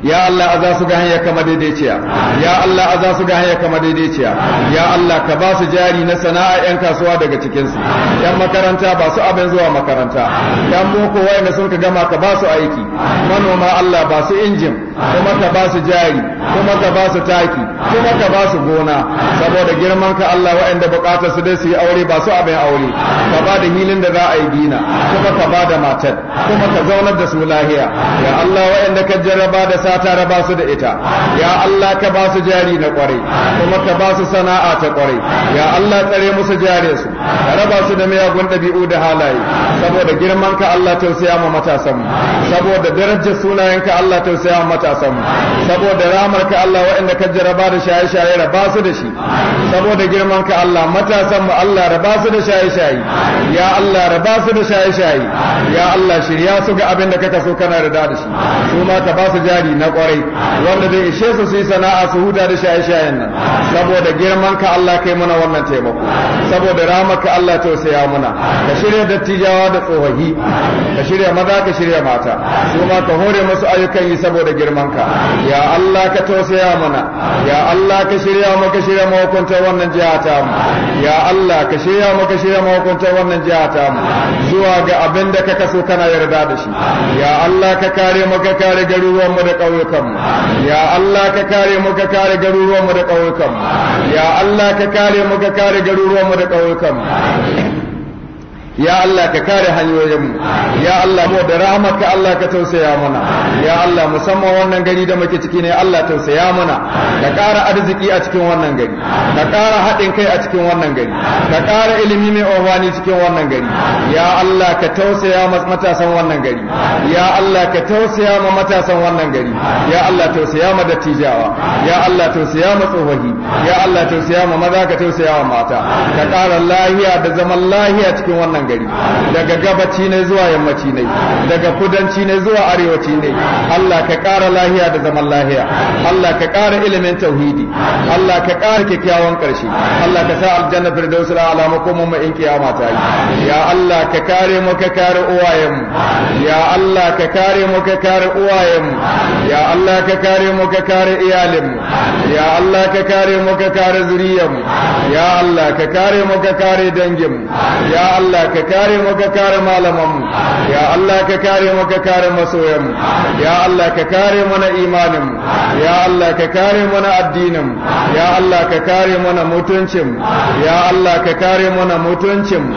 ya Allah aza su ga hanya kama daidaiciya ya Allah aza su ga hanya kama daidaiciya ya Allah ka ba su jari na sana'a yan kasuwa daga cikin su yan makaranta ba su abin zuwa makaranta yan boko wayanda sun ka gama ka ba su aiki manoma Allah ba su injin kuma ka ba su jari kuma ka ba su taki kuma ka ba su gona saboda girman ka Allah wayanda bukatar su dai su yi aure ba su abin aure ka ba da hilin da za a yi dina. kuma ka ba da matar kuma ka zaunar da su lahiya ya Allah wayanda ka jarraba da ƙasa ta raba su da ita ya Allah ka ba su jari na kwarai kuma ka ba su sana'a ta kwarai ya Allah tsare musu jare su ka raba su da miyagun ɗabi'u da halaye saboda girman ka Allah tausaya ma matasan mu saboda darajar sunayen ka Allah tausaya ma matasan mu saboda ramar ka Allah waɗanda ka jaraba da shaye-shaye raba su da shi saboda girman ka Allah matasan mu Allah raba su da shaye-shaye ya Allah raba su da shaye-shaye ya Allah shirya su ga abin da kaka so kana da da shi su ma ka ba su jari na kwarai wanda zai ishe su sai sana'a su huta da shaye-shayen nan saboda girman ka Allah kai mana wannan taimako saboda ka Allah tausaya muna ka shirya dattijawa da tsohahi ka shirya maza ka shirya mata su ma ka hore musu ayyukan yi saboda girman ka ya Allah ka tausaya mana ya Allah ka shirya mu ka shirya mahukuntar wannan jiha ta mu ya Allah ka shirya mu ka shirya mahukuntar wannan jiha ta mu zuwa ga abin da ka kaso kana yarda da shi ya Allah ka kare mu ka kare garuruwan mu da mu ya Allah ka kare mu ka kare mu da mu ya Allah ka kare mu ka kare mu da amin ya Allah ka kare hanyoyinmu ya Allah mu da rahmatka Allah ka tausaya mana ya Allah musamman wannan gari da muke ciki ne Allah tausaya mana ka kara arziki a cikin wannan gari ka kara haɗin kai a cikin wannan gari ka kara ilimi mai amfani cikin wannan gari ya Allah ka tausaya ma matasan wannan gari ya Allah ka tausaya ma matasan wannan gari ya Allah tausaya ma dattijawa ya Allah tausaya ma tsofaffi. ya Allah tausaya ma maza ka tausaya ma mata ka kara lahiya da zaman lahiya cikin wannan gari daga gabaci ne zuwa yammaci ne daga kudanci ne zuwa arewaci ne Allah ka ƙara lahiya da zaman lahiya Allah ka ƙara ilimin tauhidi Allah ka ƙara kyakkyawan ƙarshe Allah ka sa aljanna firdausul ala makomin mu in kiyama ta yi ya Allah ka kare mu ka kare uwayen mu ya Allah ka kare mu ka kare uwayen mu ya Allah ka kare mu ka kare iyalin mu ya Allah ka kare mu ka kare zuriyar mu ya Allah ka kare mu ka kare dangin mu ya Allah ka ka kare mu ka kare malaman mu ya Allah ka kare mu ka kare masoyan mu ya Allah ka kare mu na imanin mu ya Allah ka kare mu na addinin mu ya Allah ka kare mu na mutuncin mu ya Allah ka kare mu na mutuncin mu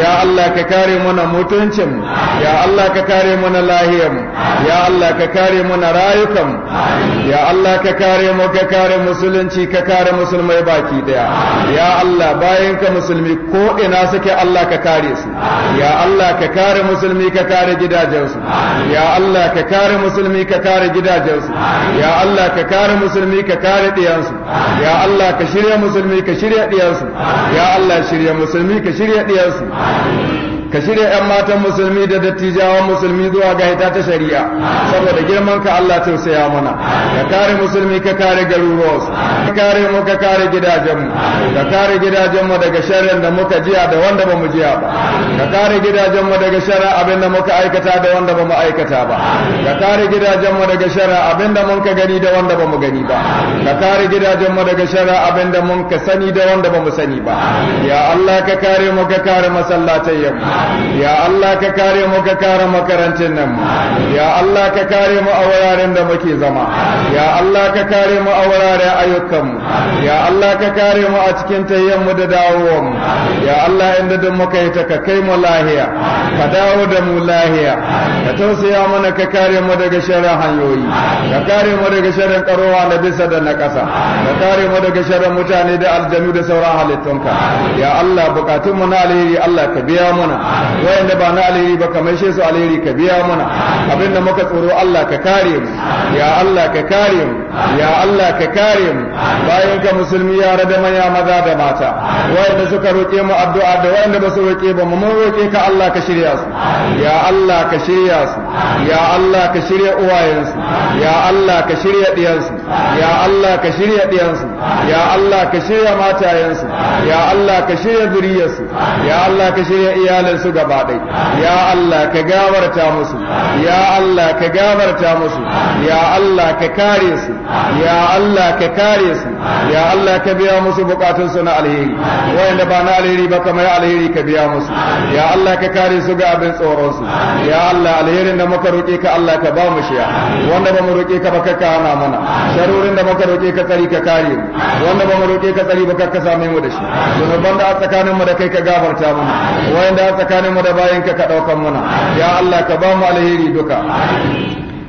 ya Allah ka kare mu na mutuncin mu ya Allah ka kare mu na lahiyar mu ya Allah ka kare mu na rayukan mu ya Allah ka kare mu ka kare musulunci ka kare musulmai baki daya ya Allah bayan ka musulmi ko ina suke Allah ka kare su ya Allah ka kare musulmi ka kare gidajensu ya Allah ka kare musulmi ka kare gidajensu ya Allah ka kare musulmi ka kare diyansu ya Allah ka shirya musulmi ka shirya diyansu ya Allah shirya musulmi ka shirya diyansu ka shirya 'yan matan musulmi da dattijawan musulmi zuwa ga ita ta shari'a saboda girman ka Allah tausaya mana ka kare musulmi ka kare garuruwas ka kare mu ka kare gidajen mu. ka kare gidajen mu daga sharrin da muka jiya da wanda ba mu jiya ba ka kare gidajen mu daga sharrin abin da muka aikata da wanda ba mu aikata ba ka kare gidajen mu daga sharrin abin da mun ka gani da wanda ba mu gani ba ka kare gidajen mu daga sharrin abin da mun ka sani da wanda ba mu sani ba ya Allah ka kare mu ka kare masallatai yamma ya Allah ka kare mu ka kare makarantun nan mu ya Allah ka kare mu a wuraren da muke zama ya Allah ka kare mu a wuraren ayyukan mu ya Allah ka kare mu a cikin tayyan mu da dawowa mu ya Allah inda duk muka yi ta ka kai mu lahiya ka dawo da mu lahiya ka tausaya mana ka kare mu daga sharrin hanyoyi ka kare mu daga sharrin karowa na bisa da na ƙasa ka kare mu daga sharrin mutane da aljanu da sauran halittunka ya Allah bukatunmu na alheri Allah ka biya mana wayanda ba na alheri ba kamar shi su alheri ka biya mana abinda muka tsoro Allah ka kare mu ya Allah ka kare mu ya Allah ka kare mu bayan ka musulmi yara da manya maza da mata wayanda suka roƙe mu addu'a da wayanda ba su roƙe ba mu mun roƙe ka Allah ka shirya su ya Allah ka shirya su ya Allah ka shirya uwayensu ya Allah ka shirya diyansu ya Allah ka shirya diyansu ya Allah ka shirya matayensu ya Allah ka shirya zuriyarsu ya Allah ka shirya iyalansu su gaba ɗai ya Allah ka gabarta musu ya Allah ka gabarta musu ya Allah ka kare su ya Allah ka kare su ya Allah ka biya musu bukatun su na alheri wayanda ba na alheri ba kamar alheri ka biya musu ya Allah ka kare su ga abin tsoron su ya Allah alherin da muka roƙe ka Allah ka ba mu shiya wanda ba mu roƙe ka ba ka kana mana sharurin da muka roƙe ka tsari ka kare mu wanda ba mu roƙe ka tsari ba ka same mu da shi zunuban da a tsakanin mu da kai ka gabarta mana wayanda a mu da bayanka ka ɗaukan muna ya Allah ka ba mu alheri duka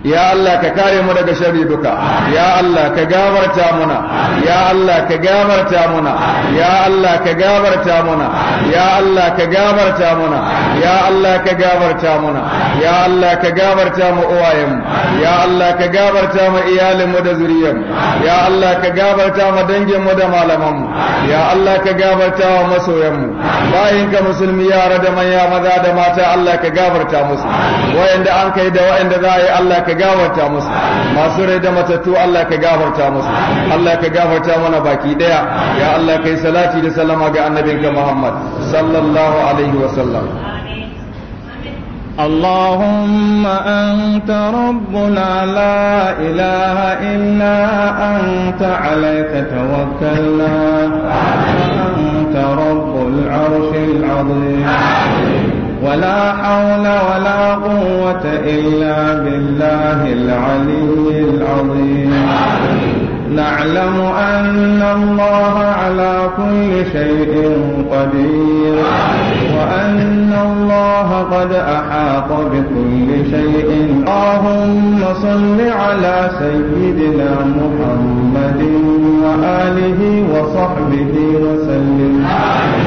ya Allah ka kare mu daga sharri duka ya Allah ka gabarta muna ya Allah ka gabarta muna ya Allah ka gafarta muna ya Allah ka gabarta muna ya Allah ka gabarta muna ya Allah ka mu uwayen ya Allah ka gabarta mu iyalin mu da zuriyar ya Allah ka gabarta mu dangin mu da malaman mu ya Allah ka gabarta wa masoyan mu bayin ka musulmi yara da manya maza da mata Allah ka gabarta musu wayanda an kai da wayanda za a yi Allah ka gafarta musu masu rai da matattu Allah ka gafarta musu Allah ka gafarta mana baki daya ya Allah kai salati da salama ga annabinka Muhammad sallallahu alaihi wa sallam اللهم أنت ربنا لا إله إلا أنت عليك توكلنا وأنت رب العرش العظيم ولا حول ولا قوة إلا بالله العلي العظيم نعلم أن الله على كل شيء قدير وأن الله قد أحاط بكل شيء اللهم صل على سيدنا محمد وآله وصحبه وسلم آمين